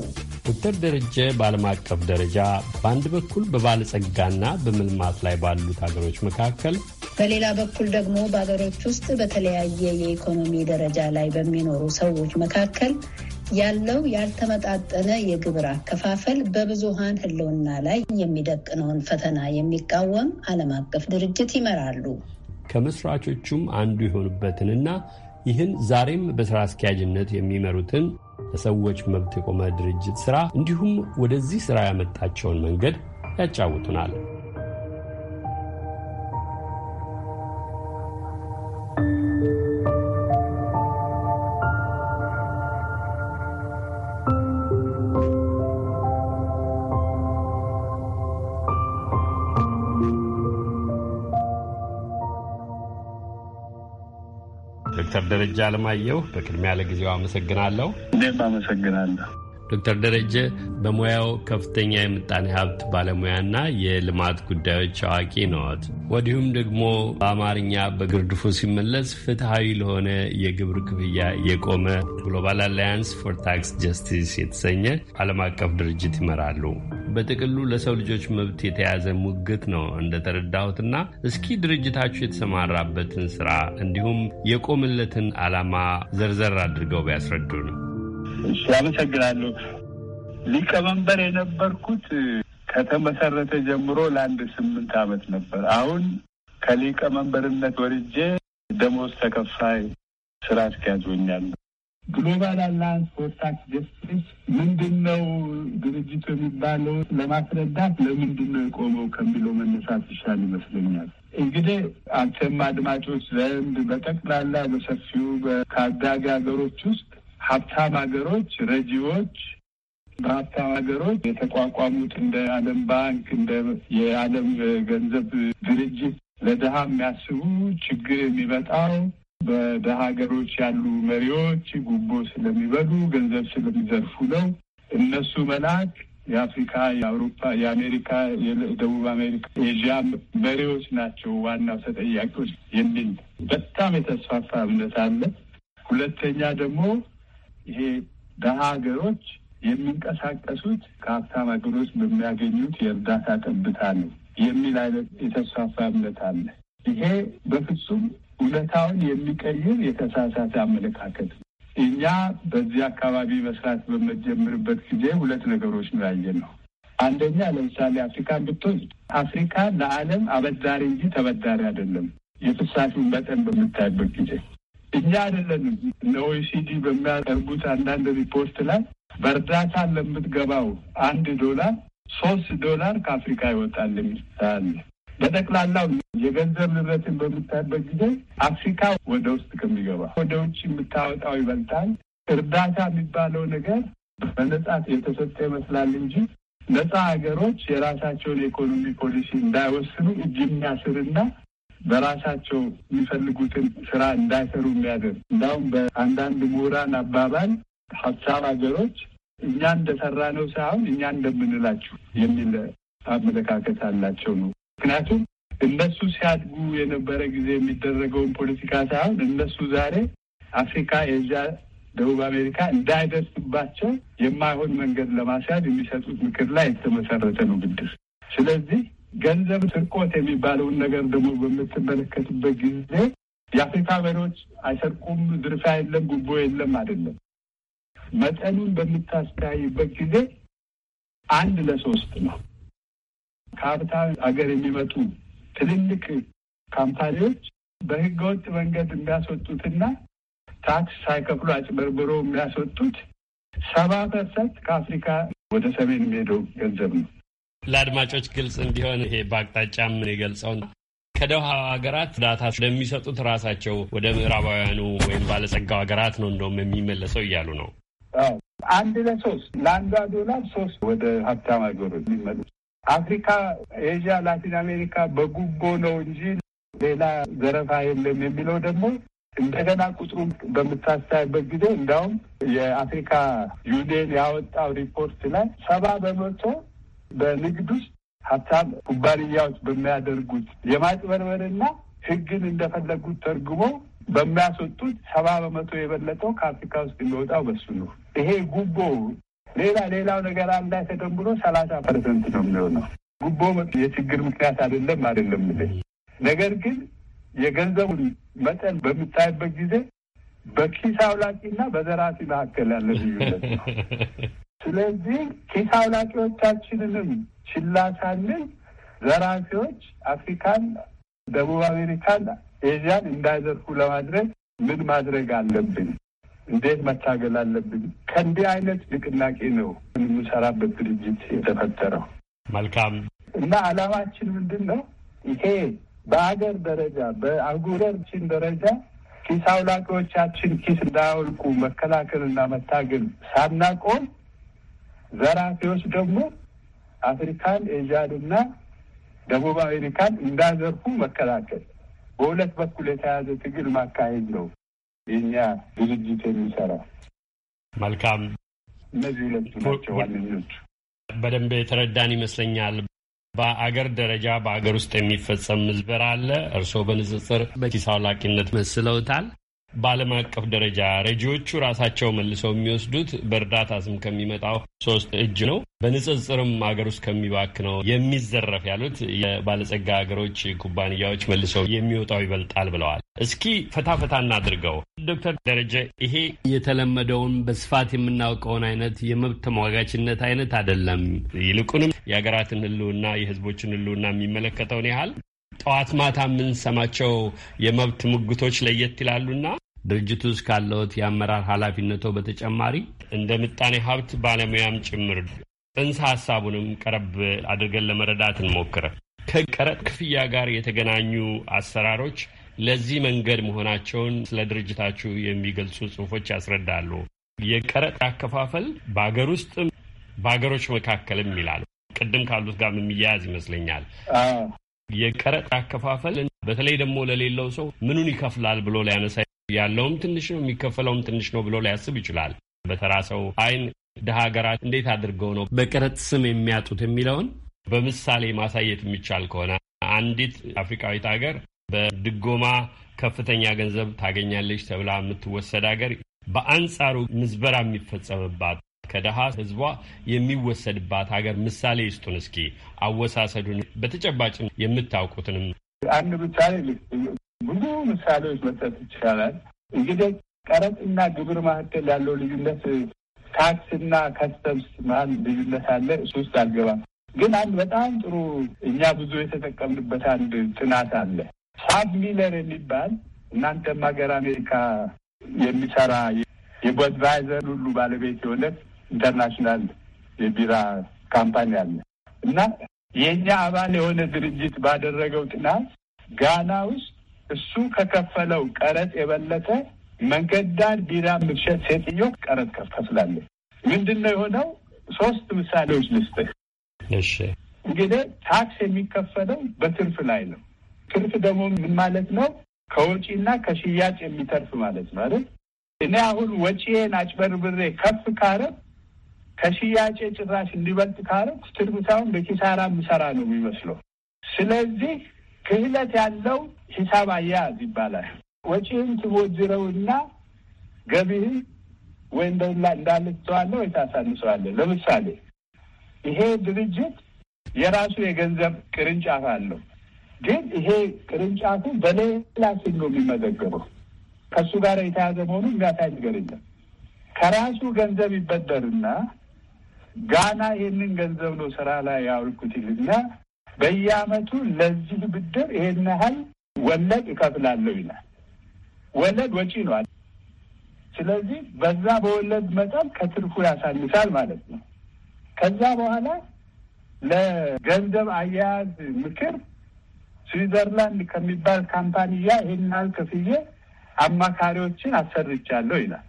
ዶክተር ደረጀ በዓለም አቀፍ ደረጃ በአንድ በኩል በባለጸጋና በመልማት ላይ ባሉት ሀገሮች መካከል፣ በሌላ በኩል ደግሞ በሀገሮች ውስጥ በተለያየ የኢኮኖሚ ደረጃ ላይ በሚኖሩ ሰዎች መካከል ያለው ያልተመጣጠነ የግብር አከፋፈል በብዙሃን ሕልውና ላይ የሚደቅነውን ፈተና የሚቃወም ዓለም አቀፍ ድርጅት ይመራሉ። ከመስራቾቹም አንዱ የሆኑበትንና ይህን ዛሬም በሥራ አስኪያጅነት የሚመሩትን ለሰዎች መብት የቆመ ድርጅት ሥራ እንዲሁም ወደዚህ ሥራ ያመጣቸውን መንገድ ያጫውቱናል። ደረጃ አለማየሁ፣ በቅድሚያ ለጊዜው አመሰግናለሁ። እኔም አመሰግናለሁ። ዶክተር ደረጀ በሙያው ከፍተኛ የምጣኔ ሀብት ባለሙያና የልማት ጉዳዮች አዋቂ ነዎት። ወዲሁም ደግሞ በአማርኛ በግርድፉ ሲመለስ ፍትሐዊ ለሆነ የግብር ክፍያ የቆመ ግሎባል አላያንስ ፎር ታክስ ጀስቲስ የተሰኘ ዓለም አቀፍ ድርጅት ይመራሉ። በጥቅሉ ለሰው ልጆች መብት የተያዘ ሙግት ነው እንደተረዳሁትና እስኪ ድርጅታችሁ የተሰማራበትን ስራ እንዲሁም የቆምለትን ዓላማ ዘርዘር አድርገው ነው። ያመሰግናለሁ። ሊቀመንበር የነበርኩት ከተመሰረተ ጀምሮ ለአንድ ስምንት ዓመት ነበር። አሁን ከሊቀመንበርነት ወርጄ ደሞዝ ተከፋይ ስራ አስኪያጅ ሆኛለሁ። ግሎባል አላያንስ ፎር ታክስ ጀስቲስ ምንድን ነው ድርጅቱ የሚባለው ለማስረዳት ለምንድን ነው የቆመው ከሚለው መነሳት ይሻል ይመስለኛል። እንግዲህ አንተም አድማጮች ዘንድ በጠቅላላ በሰፊው ከአጋጊ ሀገሮች ውስጥ ሀብታም ሀገሮች ረጂዎች በሀብታም ሀገሮች የተቋቋሙት እንደ ዓለም ባንክ እንደ የዓለም ገንዘብ ድርጅት ለድሃ የሚያስቡ ችግር የሚመጣው በደሃ ሀገሮች ያሉ መሪዎች ጉቦ ስለሚበሉ ገንዘብ ስለሚዘርፉ ነው። እነሱ መልአክ የአፍሪካ፣ የአውሮፓ፣ የአሜሪካ፣ የደቡብ አሜሪካ፣ ኤዥያ መሪዎች ናቸው ዋናው ተጠያቂዎች የሚል በጣም የተስፋፋ እምነት አለ። ሁለተኛ ደግሞ ይሄ ደሀ ሀገሮች የሚንቀሳቀሱት ከሀብታም ሀገሮች በሚያገኙት የእርዳታ ጠብታ ነው የሚል አይነት የተስፋፋ እምነት አለ። ይሄ በፍጹም እውነታውን የሚቀይር የተሳሳተ አመለካከት ነው። እኛ በዚህ አካባቢ መስራት በምንጀምርበት ጊዜ ሁለት ነገሮች ነው አንደኛ ለምሳሌ አፍሪካን ብትወስድ አፍሪካ ለዓለም አበዳሪ እንጂ ተበዳሪ አይደለም። የፍሳሹን መጠን በምታይበት ጊዜ እኛ አይደለንም። ለኦኢሲዲ በሚያቀርቡት አንዳንድ ሪፖርት ላይ በእርዳታ ለምትገባው አንድ ዶላር ሶስት ዶላር ከአፍሪካ ይወጣል የሚል በጠቅላላው የገንዘብ ንብረትን በምታይበት ጊዜ አፍሪካ ወደ ውስጥ ከሚገባ ወደ ውጭ የምታወጣው ይበልጣል። እርዳታ የሚባለው ነገር በነጻ የተሰጠ ይመስላል እንጂ ነጻ ሀገሮች የራሳቸውን የኢኮኖሚ ፖሊሲ እንዳይወስኑ እጅ የሚያስርና በራሳቸው የሚፈልጉትን ስራ እንዳይሰሩ የሚያደርግ እንዲሁም በአንዳንድ ምሁራን አባባል ሀብታም ሀገሮች እኛ እንደሰራ ነው ሳይሆን እኛ እንደምንላችሁ የሚል አመለካከት አላቸው ነው። ምክንያቱም እነሱ ሲያድጉ የነበረ ጊዜ የሚደረገውን ፖለቲካ ሳይሆን እነሱ ዛሬ አፍሪካ የዚያ ደቡብ አሜሪካ እንዳይደርስባቸው የማይሆን መንገድ ለማስያዝ የሚሰጡት ምክር ላይ የተመሰረተ ነው ብድር። ስለዚህ ገንዘብ ስርቆት የሚባለውን ነገር ደግሞ በምትመለከትበት ጊዜ የአፍሪካ መሪዎች አይሰርቁም፣ ዝርፊያ የለም፣ ጉቦ የለም አይደለም። መጠኑን በምታስተያይበት ጊዜ አንድ ለሶስት ነው። ከሀብታ ሀገር የሚመጡ ትልልቅ ካምፓኒዎች በህገወጥ መንገድ የሚያስወጡትና ታክስ ሳይከፍሉ አጭበርብሮ የሚያስወጡት ሰባ ፐርሰንት ከአፍሪካ ወደ ሰሜን የሚሄደው ገንዘብ ነው። ለአድማጮች ግልጽ እንዲሆን ይሄ በአቅጣጫ ምን የገልጸውን ከደሃ ሀገራት እርዳታ ለሚሰጡት ራሳቸው ወደ ምዕራባውያኑ ወይም ባለጸጋው ሀገራት ነው እንደውም የሚመለሰው እያሉ ነው። አንድ ለሶስት ለአንዷ ዶላር ሶስት ወደ ሀብታም ሀገሩ የሚመለሱ አፍሪካ፣ ኤዥያ፣ ላቲን አሜሪካ በጉቦ ነው እንጂ ሌላ ዘረፋ የለም የሚለው ደግሞ እንደገና ቁጥሩ በምታስተያይበት ጊዜ እንዲያውም የአፍሪካ ዩኒየን ያወጣው ሪፖርት ላይ ሰባ በመቶ በንግድ ውስጥ ሀብታም ኩባንያዎች በሚያደርጉት የማጭበርበርና ህግን እንደፈለጉት ተርጉሞ በሚያስወጡት ሰባ በመቶ የበለጠው ከአፍሪካ ውስጥ የሚወጣው በሱ ነው። ይሄ ጉቦ ሌላ ሌላው ነገር አንዳይ ተደምሮ ሰላሳ ፐርሰንት ነው የሚሆነው። ጉቦ የችግር ምክንያት አይደለም አይደለም ል ነገር ግን የገንዘቡን መጠን በምታይበት ጊዜ በኪስ አውላቂና በዘራፊ መካከል ያለ ልዩነት ነው። ስለዚህ ኪስ አውላቂዎቻችንንም ችላ ዘራፊዎች አፍሪካን፣ ደቡብ አሜሪካን፣ ኤዥያን እንዳይዘርፉ ለማድረግ ምን ማድረግ አለብን? እንዴት መታገል አለብን? ከእንዲህ አይነት ንቅናቄ ነው የምንሰራበት ድርጅት የተፈጠረው። መልካም እና አላማችን ምንድን ነው? ይሄ በአገር ደረጃ በአህጉራችን ደረጃ ኪስ አውላቂዎቻችን ኪስ እንዳያወልቁ መከላከልና መታገል ሳናቆም ዘራፊዎች ደግሞ አፍሪካን፣ ኤዥያንና ደቡብ አሜሪካን እንዳዘርፉ መከላከል፣ በሁለት በኩል የተያዘ ትግል ማካሄድ ነው የኛ ድርጅት የሚሰራ። መልካም። እነዚህ ሁለቱ ናቸው ዋነኞቹ። በደንብ የተረዳን ይመስለኛል። በአገር ደረጃ በአገር ውስጥ የሚፈጸም ምዝበር አለ። እርስዎ በንጽጽር በኪሳው ላቂነት መስለውታል። በዓለም አቀፍ ደረጃ ረጂዎቹ ራሳቸው መልሰው የሚወስዱት በእርዳታ ስም ከሚመጣው ሶስት እጅ ነው። በንጽጽርም ሀገር ውስጥ ከሚባክ ነው የሚዘረፍ ያሉት የባለጸጋ ሀገሮች ኩባንያዎች መልሰው የሚወጣው ይበልጣል ብለዋል። እስኪ ፈታ ፈታ እናድርገው። ዶክተር ደረጀ ይሄ የተለመደውን በስፋት የምናውቀውን አይነት የመብት ተሟጋችነት አይነት አይደለም። ይልቁንም የሀገራትን ሕልውና የህዝቦችን ሕልውና የሚመለከተውን ያህል ጠዋት ማታ የምንሰማቸው የመብት ሙግቶች ለየት ይላሉና ድርጅቱ ውስጥ ካለዎት የአመራር ኃላፊነቶ በተጨማሪ እንደ ምጣኔ ሀብት ባለሙያም ጭምር ጥንሰ ሀሳቡንም ቀረብ አድርገን ለመረዳት እንሞክረ። ከቀረጥ ክፍያ ጋር የተገናኙ አሰራሮች ለዚህ መንገድ መሆናቸውን ስለ ድርጅታችሁ የሚገልጹ ጽሁፎች ያስረዳሉ። የቀረጥ አከፋፈል በሀገር ውስጥም በሀገሮች መካከልም ይላሉ። ቅድም ካሉት ጋር የሚያያዝ ይመስለኛል። የቀረጥ አከፋፈል በተለይ ደግሞ ለሌለው ሰው ምኑን ይከፍላል ብሎ ሊያነሳ ያለውም ትንሽ ነው የሚከፈለውም ትንሽ ነው ብሎ ሊያስብ ይችላል። በተራ ሰው አይን ድሃ ሀገራት እንዴት አድርገው ነው በቀረጥ ስም የሚያጡት የሚለውን በምሳሌ ማሳየት የሚቻል ከሆነ አንዲት አፍሪካዊት ሀገር በድጎማ ከፍተኛ ገንዘብ ታገኛለች ተብላ የምትወሰድ ሀገር በአንጻሩ ምዝበራ የሚፈጸምባት ከድሃ ህዝቧ የሚወሰድባት ሀገር ምሳሌ ይስጡን እስኪ አወሳሰዱን በተጨባጭ የምታውቁትንም። አንድ ምሳሌ ብዙ ምሳሌዎች መስጠት ይቻላል። እንግዲህ ቀረጥና ግብር መካከል ያለው ልዩነት ታክስና ከስተምስ መሀል ልዩነት አለ። እሱ ውስጥ አልገባም። ግን አንድ በጣም ጥሩ እኛ ብዙ የተጠቀምንበት አንድ ጥናት አለ። ሳብ ሚለር የሚባል እናንተም ሀገር አሜሪካ የሚሰራ የጎድቫይዘር ሁሉ ባለቤት የሆነት ኢንተርናሽናል የቢራ ካምፓኒ አለ እና የእኛ አባል የሆነ ድርጅት ባደረገው ጥናት ጋና ውስጥ እሱ ከከፈለው ቀረጥ የበለጠ መንገድ ዳር ቢራ ምትሸጥ ሴትዮ ቀረጥ ከፍላለች። ምንድን ነው የሆነው? ሶስት ምሳሌዎች ልስጥህ። እሺ እንግዲህ ታክስ የሚከፈለው በትርፍ ላይ ነው። ትርፍ ደግሞ ምን ማለት ነው? ከወጪና ከሽያጭ የሚተርፍ ማለት ነው አይደል? እኔ አሁን ወጪዬን አጭበርብሬ ከፍ ካረብ ከሽያጭ ጭራሽ እንዲበልጥ ካረግ ትርፍ ሳይሆን በኪሳራ የሚሰራ ነው የሚመስለው። ስለዚህ ክህለት ያለው ሂሳብ አያያዝ ይባላል። ወጪህን ትቦዝረውና ገቢህን ወይ እንዳለ ወይ ታሳንሰዋለ። ለምሳሌ ይሄ ድርጅት የራሱ የገንዘብ ቅርንጫፍ አለው፣ ግን ይሄ ቅርንጫፉ በሌላ ሲል ነው የሚመዘገበው። ከእሱ ጋር የተያዘ መሆኑ እንጋታ ነገር የለም። ከራሱ ገንዘብ ይበደርና ጋና ይህንን ገንዘብ ነው ስራ ላይ ያውልኩት ይልና በየአመቱ ለዚህ ብድር ይሄን ያህል ወለድ እከፍላለሁ ይላል። ወለድ ወጪ ነው። ስለዚህ በዛ በወለድ መጠን ከትርፉ ያሳንሳል ማለት ነው። ከዛ በኋላ ለገንዘብ አያያዝ ምክር ስዊዘርላንድ ከሚባል ካምፓኒያ ይህን ያህል ክፍዬ አማካሪዎችን አሰርቻለሁ ይላል።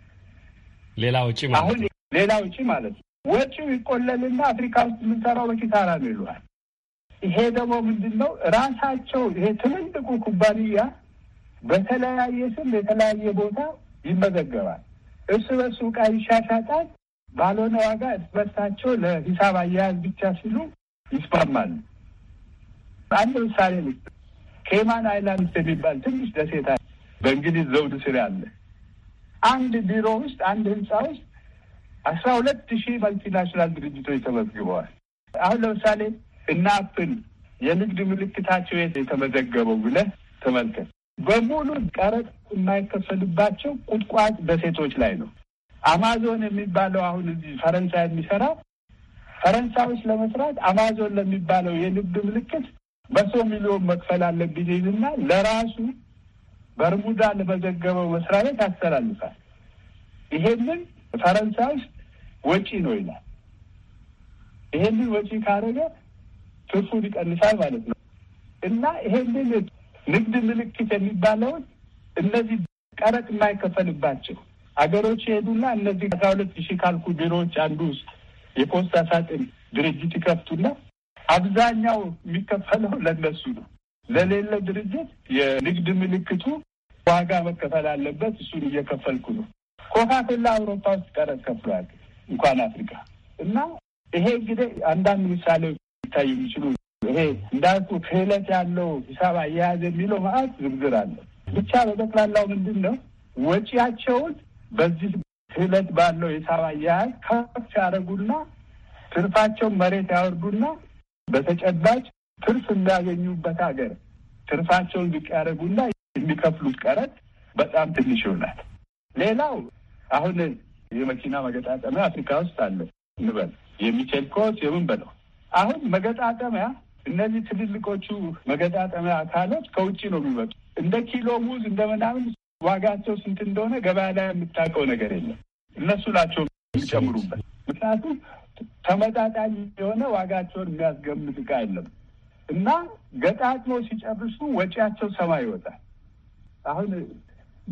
ሌላ ውጪ ማለት ሌላ ውጪ ማለት ነው። ወጪው ይቆለልና አፍሪካ ውስጥ የምንሰራው በኪሳራ ነው ይሏል። ይሄ ደግሞ ምንድን ነው? ራሳቸው ይሄ ትልልቁ ኩባንያ በተለያየ ስም የተለያየ ቦታ ይመዘገባል። እሱ በሱ ዕቃ ይሻሻጣል። ባልሆነ ዋጋ እስበሳቸው ለሂሳብ አያያዝ ብቻ ሲሉ ይስማማሉ። አንድ ምሳሌ ል ኬማን አይላንድስ የሚባል ትንሽ ደሴታ በእንግሊዝ ዘውድ ስር ያለ አንድ ቢሮ ውስጥ አንድ ህንፃ ውስጥ አስራ ሁለት ሺህ መልቲናሽናል ድርጅቶች ተመዝግበዋል። አሁን ለምሳሌ እና አፕል የንግድ ምልክታቸው የት የተመዘገበው ብለህ ተመልከት። በሙሉ ቀረጥ የማይከፈልባቸው ቁጥቋጥ በሴቶች ላይ ነው። አማዞን የሚባለው አሁን እዚህ ፈረንሳይ የሚሰራ ፈረንሳዮች ለመስራት አማዞን ለሚባለው የንግድ ምልክት በሰው ሚሊዮን መክፈል አለብኝ ይልና ለራሱ በርሙዳ ለመዘገበው መስሪያ ቤት ያስተላልፋል። ይሄንን ውስጥ ወጪ ነው ይላል። ይሄንን ወጪ ካደረገ ትርፉን ይቀንሳል ማለት ነው እና ይሄንን ንግድ ምልክት የሚባለውን እነዚህ ቀረጥ የማይከፈልባቸው አገሮች ይሄዱና እነዚህ አስራ ሁለት ሺህ ካልኩ ቢሮዎች አንዱ ውስጥ የፖስታ ሳጥን ድርጅት ይከፍቱና አብዛኛው የሚከፈለው ለነሱ ነው። ለሌለ ድርጅት የንግድ ምልክቱ ዋጋ መከፈል አለበት። እሱን እየከፈልኩ ነው። ኮካቴላ አውሮፓ ውስጥ ቀረጥ ከፍሏል፣ እንኳን አፍሪካ እና ይሄ እንግዲህ አንዳንድ ምሳሌ ሊታይ የሚችሉ ይሄ እንዳልኩ ክህለት ያለው ሂሳብ አያያዝ የሚለው ማለት ዝርዝር አለው። ብቻ በጠቅላላው ምንድን ነው ወጪያቸውን በዚህ ክህለት ባለው ሂሳብ አያያዝ ከፍ ያደረጉና ትርፋቸውን መሬት ያወርዱና በተጨባጭ ትርፍ የሚያገኙበት ሀገር ትርፋቸውን ዝቅ ያደረጉና የሚከፍሉት ቀረጥ በጣም ትንሽ ይሆናል። ሌላው አሁን የመኪና መገጣጠሚያ አፍሪካ ውስጥ አለ እንበል፣ የሚቸልኮስ የምን በለው አሁን መገጣጠሚያ እነዚህ ትልልቆቹ መገጣጠሚያ አካሎች ከውጭ ነው የሚመጡ። እንደ ኪሎ ሙዝ እንደ ምናምን ዋጋቸው ስንት እንደሆነ ገበያ ላይ የምታውቀው ነገር የለም። እነሱ ናቸው የሚጨምሩበት። ምክንያቱም ተመጣጣኝ የሆነ ዋጋቸውን የሚያስገምት እቃ የለም እና ገጣጥሞ ሲጨርሱ ወጪያቸው ሰማይ ይወጣል። አሁን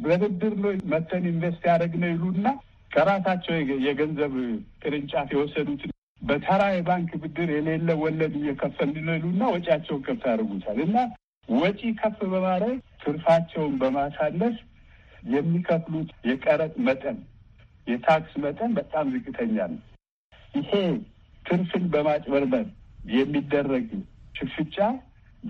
በብድር ነው መተን ኢንቨስት ያደረግነው ይሉና ከራሳቸው የገንዘብ ቅርንጫፍ የወሰዱት በተራ የባንክ ብድር የሌለ ወለድ እየከፈል ነው ይሉና ወጪያቸውን ከፍ ያደርጉታል እና ወጪ ከፍ በማድረግ ትርፋቸውን በማሳለፍ የሚከፍሉት የቀረጥ መጠን የታክስ መጠን በጣም ዝቅተኛ ነው። ይሄ ትርፍን በማጭበርበር የሚደረግ ሽፍጫ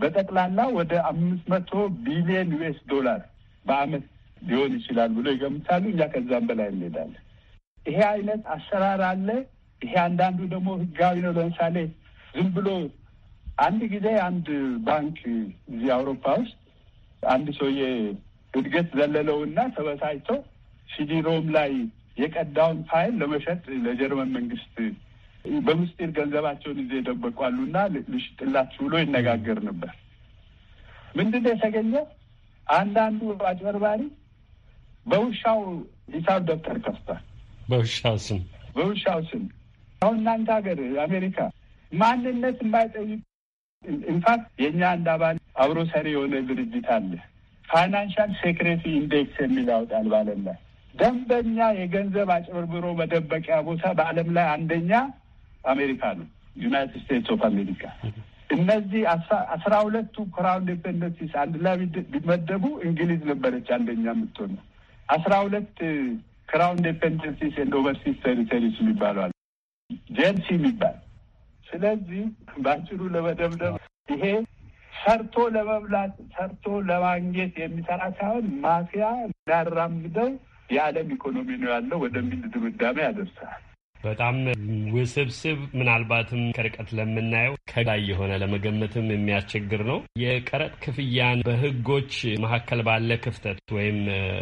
በጠቅላላ ወደ አምስት መቶ ቢሊዮን ዩኤስ ዶላር በአመት ሊሆን ይችላል ብሎ ይገምታሉ። እኛ ከዛም በላይ እንሄዳለን። ይሄ አይነት አሰራር አለ። ይሄ አንዳንዱ ደግሞ ህጋዊ ነው። ለምሳሌ ዝም ብሎ አንድ ጊዜ አንድ ባንክ እዚህ አውሮፓ ውስጥ አንድ ሰውዬ እድገት ዘለለውና ተበሳጭቶ ሲዲሮም ላይ የቀዳውን ፋይል ለመሸጥ ለጀርመን መንግስት በምስጢር ገንዘባቸውን ይዘው የደበቋሉና ልሽጥላችሁ ብሎ ይነጋገር ነበር። ምንድን ነው አንዳንዱ አጭበርባሪ በውሻው ሂሳብ ደብተር ከፍቷል። በውሻው ስም በውሻው ስም አሁን እናንተ ሀገር አሜሪካ ማንነት የማይጠይቅ ኢንፋክት የእኛ አንድ አባል አብሮ ሰሪ የሆነ ድርጅት አለ። ፋይናንሻል ሴክሬቲ ኢንዴክስ የሚል ያወጣል በዓለም ላይ ደንበኛ የገንዘብ አጭበርብሮ መደበቂያ ቦታ በዓለም ላይ አንደኛ አሜሪካ ነው፣ ዩናይትድ ስቴትስ ኦፍ አሜሪካ። እነዚህ አስራ ሁለቱ ክራውን ዲፔንደንሲስ አንድ ላይ ቢመደቡ እንግሊዝ ነበረች አንደኛ የምትሆነው። አስራ ሁለት ክራውን ዲፔንደንሲስ ኤንድ ኦቨርሲስ ቴሪተሪስ የሚባለዋል ጀርሲ የሚባል ስለዚህ በአጭሩ ለመደምደም ይሄ ሰርቶ ለመብላት ሰርቶ ለማግኘት የሚሰራ ሳይሆን ማፊያ ሊያራምደው የዓለም ኢኮኖሚ ነው ያለው ወደሚል ድምዳሜ ያደርሳል። በጣም ውስብስብ ምናልባትም ከርቀት ለምናየው ከላይ የሆነ ለመገመትም የሚያስቸግር ነው። የቀረጥ ክፍያን በህጎች መካከል ባለ ክፍተት ወይም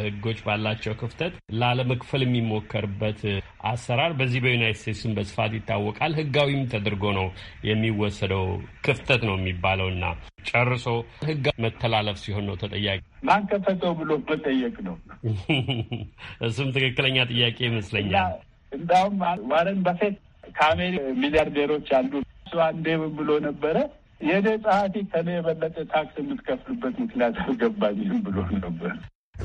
ህጎች ባላቸው ክፍተት ላለመክፈል የሚሞከርበት አሰራር በዚህ በዩናይት ስቴትስም በስፋት ይታወቃል። ህጋዊም ተደርጎ ነው የሚወሰደው ክፍተት ነው የሚባለው እና ጨርሶ ህጋዊ መተላለፍ ሲሆን ነው ተጠያቂ ማን ከፈተው ብሎ መጠየቅ ነው። እሱም ትክክለኛ ጥያቄ ይመስለኛል። እንዳውም ዋረን በፌት ከአሜሪ ሚሊያርዴሮች አንዱ እሱ አንዴ ብሎ ነበረ የእኔ ጸሐፊ ከኔ የበለጠ ታክስ የምትከፍልበት ምክንያት አልገባኝም ብሎ ነበር።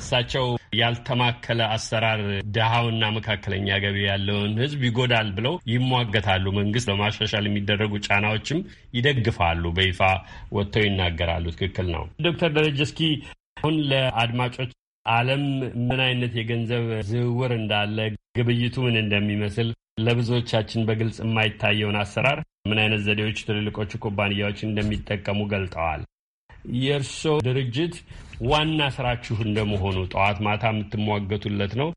እሳቸው ያልተማከለ አሰራር ድሃውና መካከለኛ ገቢ ያለውን ሕዝብ ይጎዳል ብለው ይሟገታሉ። መንግስት ለማሻሻል የሚደረጉ ጫናዎችም ይደግፋሉ። በይፋ ወጥተው ይናገራሉ። ትክክል ነው። ዶክተር ደረጀ እስኪ አሁን ለአድማጮች ዓለም ምን አይነት የገንዘብ ዝውውር እንዳለ ግብይቱ ምን እንደሚመስል ለብዙዎቻችን በግልጽ የማይታየውን አሰራር ምን አይነት ዘዴዎች ትልልቆቹ ኩባንያዎች እንደሚጠቀሙ ገልጠዋል። የእርሶ ድርጅት ዋና ስራችሁ እንደመሆኑ ጠዋት ማታ የምትሟገቱለት ነው።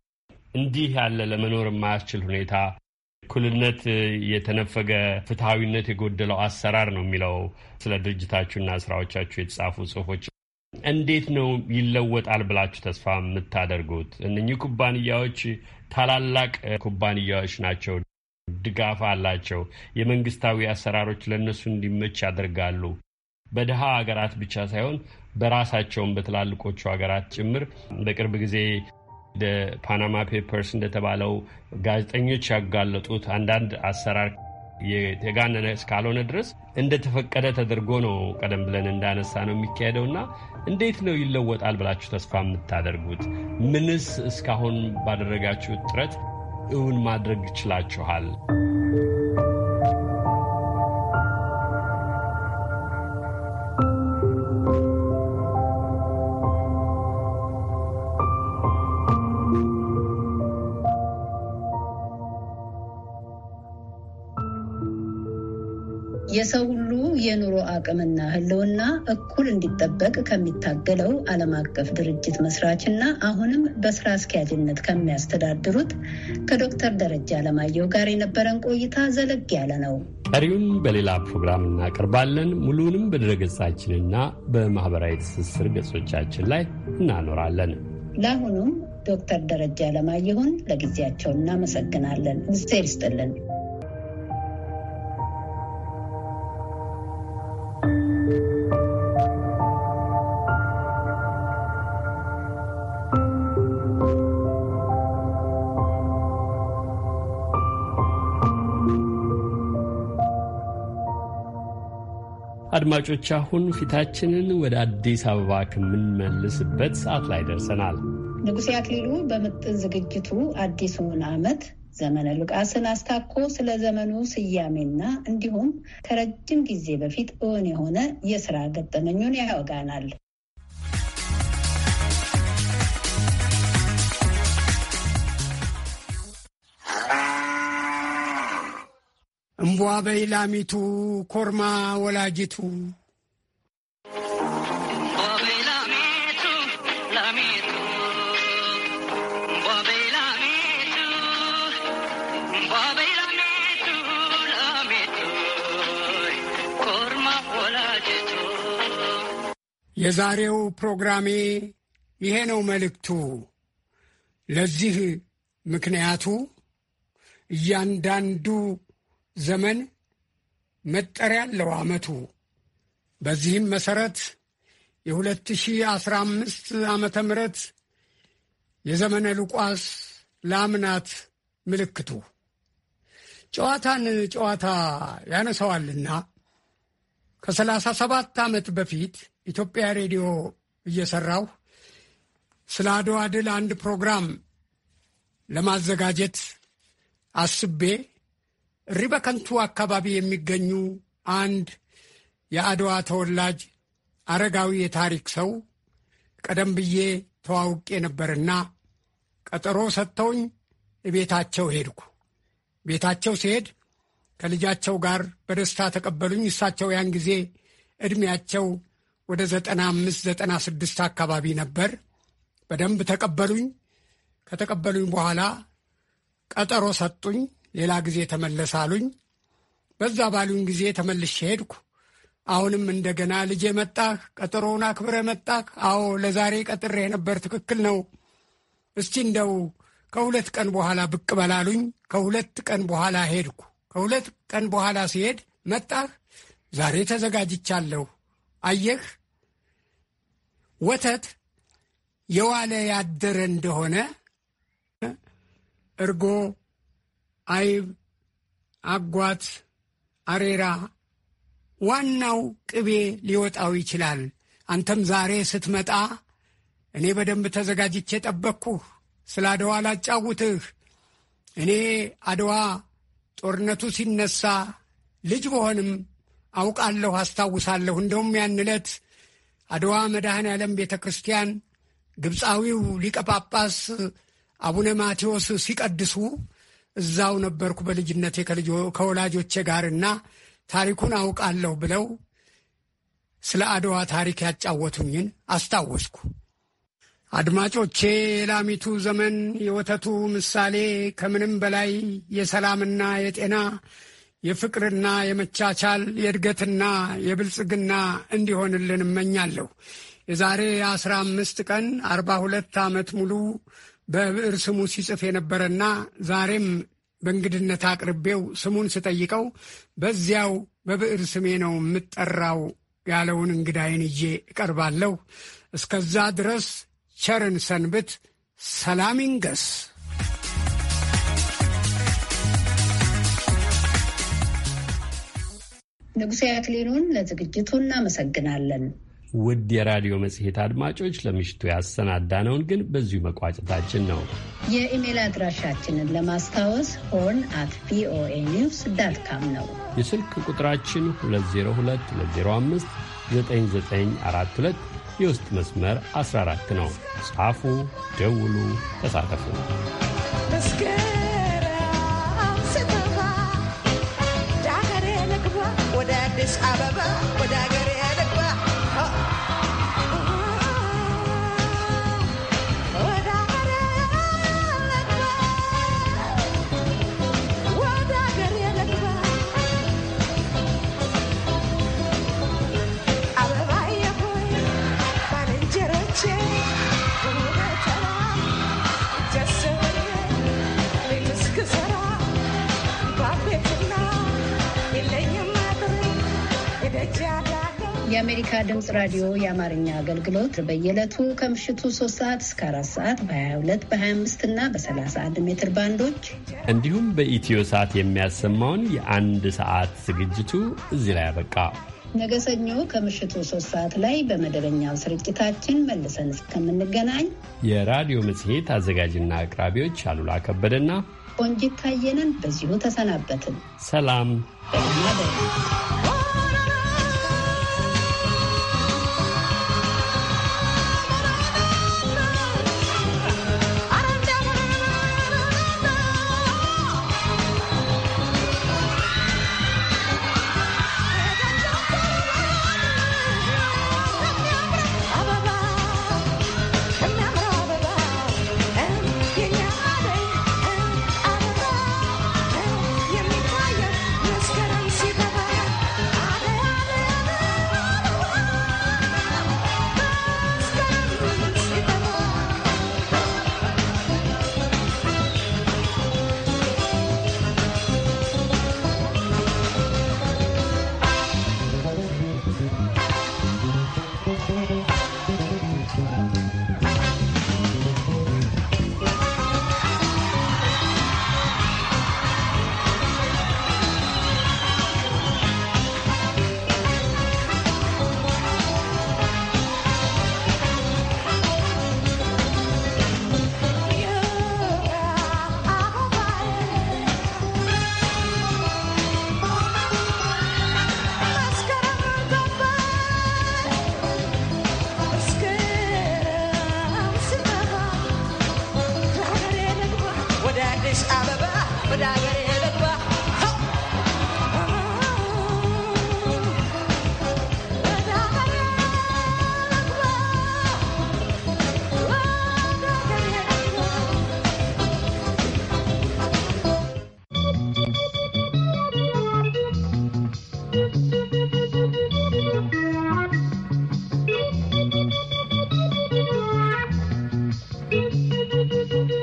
እንዲህ ያለ ለመኖር የማያስችል ሁኔታ፣ እኩልነት የተነፈገ ፍትሐዊነት የጎደለው አሰራር ነው የሚለው ስለ ድርጅታችሁና ስራዎቻችሁ የተጻፉ ጽሁፎች እንዴት ነው ይለወጣል ብላችሁ ተስፋ የምታደርጉት? እነኚህ ኩባንያዎች ታላላቅ ኩባንያዎች ናቸው። ድጋፍ አላቸው። የመንግስታዊ አሰራሮች ለእነሱ እንዲመች ያደርጋሉ። በድሃ ሀገራት ብቻ ሳይሆን በራሳቸውም በትላልቆቹ ሀገራት ጭምር በቅርብ ጊዜ ፓናማ ፔፐርስ እንደተባለው ጋዜጠኞች ያጋለጡት አንዳንድ አሰራር የተጋነነ እስካልሆነ ድረስ እንደተፈቀደ ተደርጎ ነው ቀደም ብለን እንዳነሳ ነው የሚካሄደው። እና እንዴት ነው ይለወጣል ብላችሁ ተስፋ የምታደርጉት? ምንስ እስካሁን ባደረጋችሁት ጥረት እውን ማድረግ ይችላችኋል? የሰው ሁሉ የኑሮ አቅምና ሕልውና እኩል እንዲጠበቅ ከሚታገለው ዓለም አቀፍ ድርጅት መስራችና አሁንም በስራ አስኪያጅነት ከሚያስተዳድሩት ከዶክተር ደረጃ አለማየሁ ጋር የነበረን ቆይታ ዘለግ ያለ ነው። ቀሪውን በሌላ ፕሮግራም እናቀርባለን። ሙሉውንም በድረገጻችንና በማህበራዊ ትስስር ገጾቻችን ላይ እናኖራለን። ለአሁኑም ዶክተር ደረጃ አለማየሁን ለጊዜያቸው እናመሰግናለን። እግዜር ይስጥልን። አድማጮች አሁን ፊታችንን ወደ አዲስ አበባ ከምንመልስበት ሰዓት ላይ ደርሰናል። ንጉሴ አክሊሉ በምጥን ዝግጅቱ አዲሱን ዓመት ዘመነ ሉቃስን አስታኮ ስለ ዘመኑ ስያሜና እንዲሁም ከረጅም ጊዜ በፊት እውን የሆነ የስራ ገጠመኙን ያወጋናል። እምቧ በይላሚቱ ኮርማ ወላጅቱ የዛሬው ፕሮግራሜ ይሄ ነው መልእክቱ። ለዚህ ምክንያቱ እያንዳንዱ ዘመን መጠሪያ አለው ዓመቱ። በዚህም መሠረት የ2015 ዓ ምህረት የዘመነ ሉቃስ ለአምናት ምልክቱ ጨዋታን ጨዋታ ያነሰዋልና ከሰላሳ ሰባት ዓመት በፊት ኢትዮጵያ ሬዲዮ እየሰራሁ ስለ አድዋ ድል አንድ ፕሮግራም ለማዘጋጀት አስቤ ሪበከንቱ አካባቢ የሚገኙ አንድ የአድዋ ተወላጅ አረጋዊ የታሪክ ሰው ቀደም ብዬ ተዋውቄ ነበርና ቀጠሮ ሰጥተውኝ ቤታቸው ሄድኩ። ቤታቸው ሲሄድ ከልጃቸው ጋር በደስታ ተቀበሉኝ። እሳቸው ያን ጊዜ ዕድሜያቸው ወደ ዘጠና አምስት ዘጠና ስድስት አካባቢ ነበር። በደንብ ተቀበሉኝ። ከተቀበሉኝ በኋላ ቀጠሮ ሰጡኝ። ሌላ ጊዜ ተመለስ አሉኝ። በዛ ባሉኝ ጊዜ ተመልሼ ሄድኩ። አሁንም እንደገና ልጄ መጣህ፣ ቀጠሮውን አክብረ መጣህ። አዎ ለዛሬ ቀጥሬ ነበር፣ ትክክል ነው። እስቲ እንደው ከሁለት ቀን በኋላ ብቅ በላሉኝ። ከሁለት ቀን በኋላ ሄድኩ። ከሁለት ቀን በኋላ ሲሄድ መጣህ፣ ዛሬ ተዘጋጅቻለሁ። አየህ ወተት የዋለ ያደረ እንደሆነ እርጎ አይብ፣ አጓት፣ አሬራ ዋናው ቅቤ ሊወጣው ይችላል። አንተም ዛሬ ስትመጣ እኔ በደንብ ተዘጋጅቼ ጠበቅኩህ። ስለ አድዋ ላጫውትህ። እኔ አድዋ ጦርነቱ ሲነሳ ልጅ ብሆንም አውቃለሁ፣ አስታውሳለሁ። እንደውም ያን ዕለት አድዋ መድኃኔ ዓለም ቤተ ክርስቲያን ግብፃዊው ሊቀ ጳጳስ አቡነ ማቴዎስ ሲቀድሱ እዛው ነበርኩ በልጅነቴ ከወላጆቼ እና ታሪኩን አውቃለሁ ብለው ስለ አድዋ ታሪክ ያጫወቱኝን አስታወስኩ። አድማጮቼ፣ የላሚቱ ዘመን የወተቱ ምሳሌ ከምንም በላይ የሰላምና የጤና የፍቅርና የመቻቻል የእድገትና የብልጽግና እንዲሆንልን እመኛለሁ። የዛሬ አስራ አምስት ቀን አርባ ሁለት ዓመት ሙሉ በብዕር ስሙ ሲጽፍ የነበረና ዛሬም በእንግድነት አቅርቤው ስሙን ስጠይቀው በዚያው በብዕር ስሜ ነው የምጠራው ያለውን እንግዳይን ይዤ እቀርባለሁ። እስከዛ ድረስ ቸርን ሰንብት። ሰላም ይንገስ። ንጉሴ አክሊሉን ለዝግጅቱ እናመሰግናለን። ውድ የራዲዮ መጽሔት አድማጮች ለምሽቱ ያሰናዳነውን ግን በዚሁ መቋጨታችን ነው። የኢሜል አድራሻችንን ለማስታወስ ሆርን አት ቪኦኤ ኒውስ ዳት ካም ነው። የስልክ ቁጥራችን 2022059942 የውስጥ መስመር 14 ነው። ጻፉ፣ ደውሉ፣ ተሳተፉ። ወደ አዲስ አበባ የአሜሪካ ድምፅ ራዲዮ የአማርኛ አገልግሎት በየዕለቱ ከምሽቱ 3 ሰዓት እስከ 4 ሰዓት በ22 በ25 እና በ31 ሜትር ባንዶች እንዲሁም በኢትዮ ሰዓት የሚያሰማውን የአንድ ሰዓት ዝግጅቱ እዚህ ላይ አበቃ። ነገ ሰኞ ከምሽቱ 3 ሰዓት ላይ በመደበኛው ስርጭታችን መልሰን እስከምንገናኝ የራዲዮ መጽሔት አዘጋጅና አቅራቢዎች አሉላ ከበደና ቆንጅት ታየንን በዚሁ ተሰናበትን። ሰላም ደህና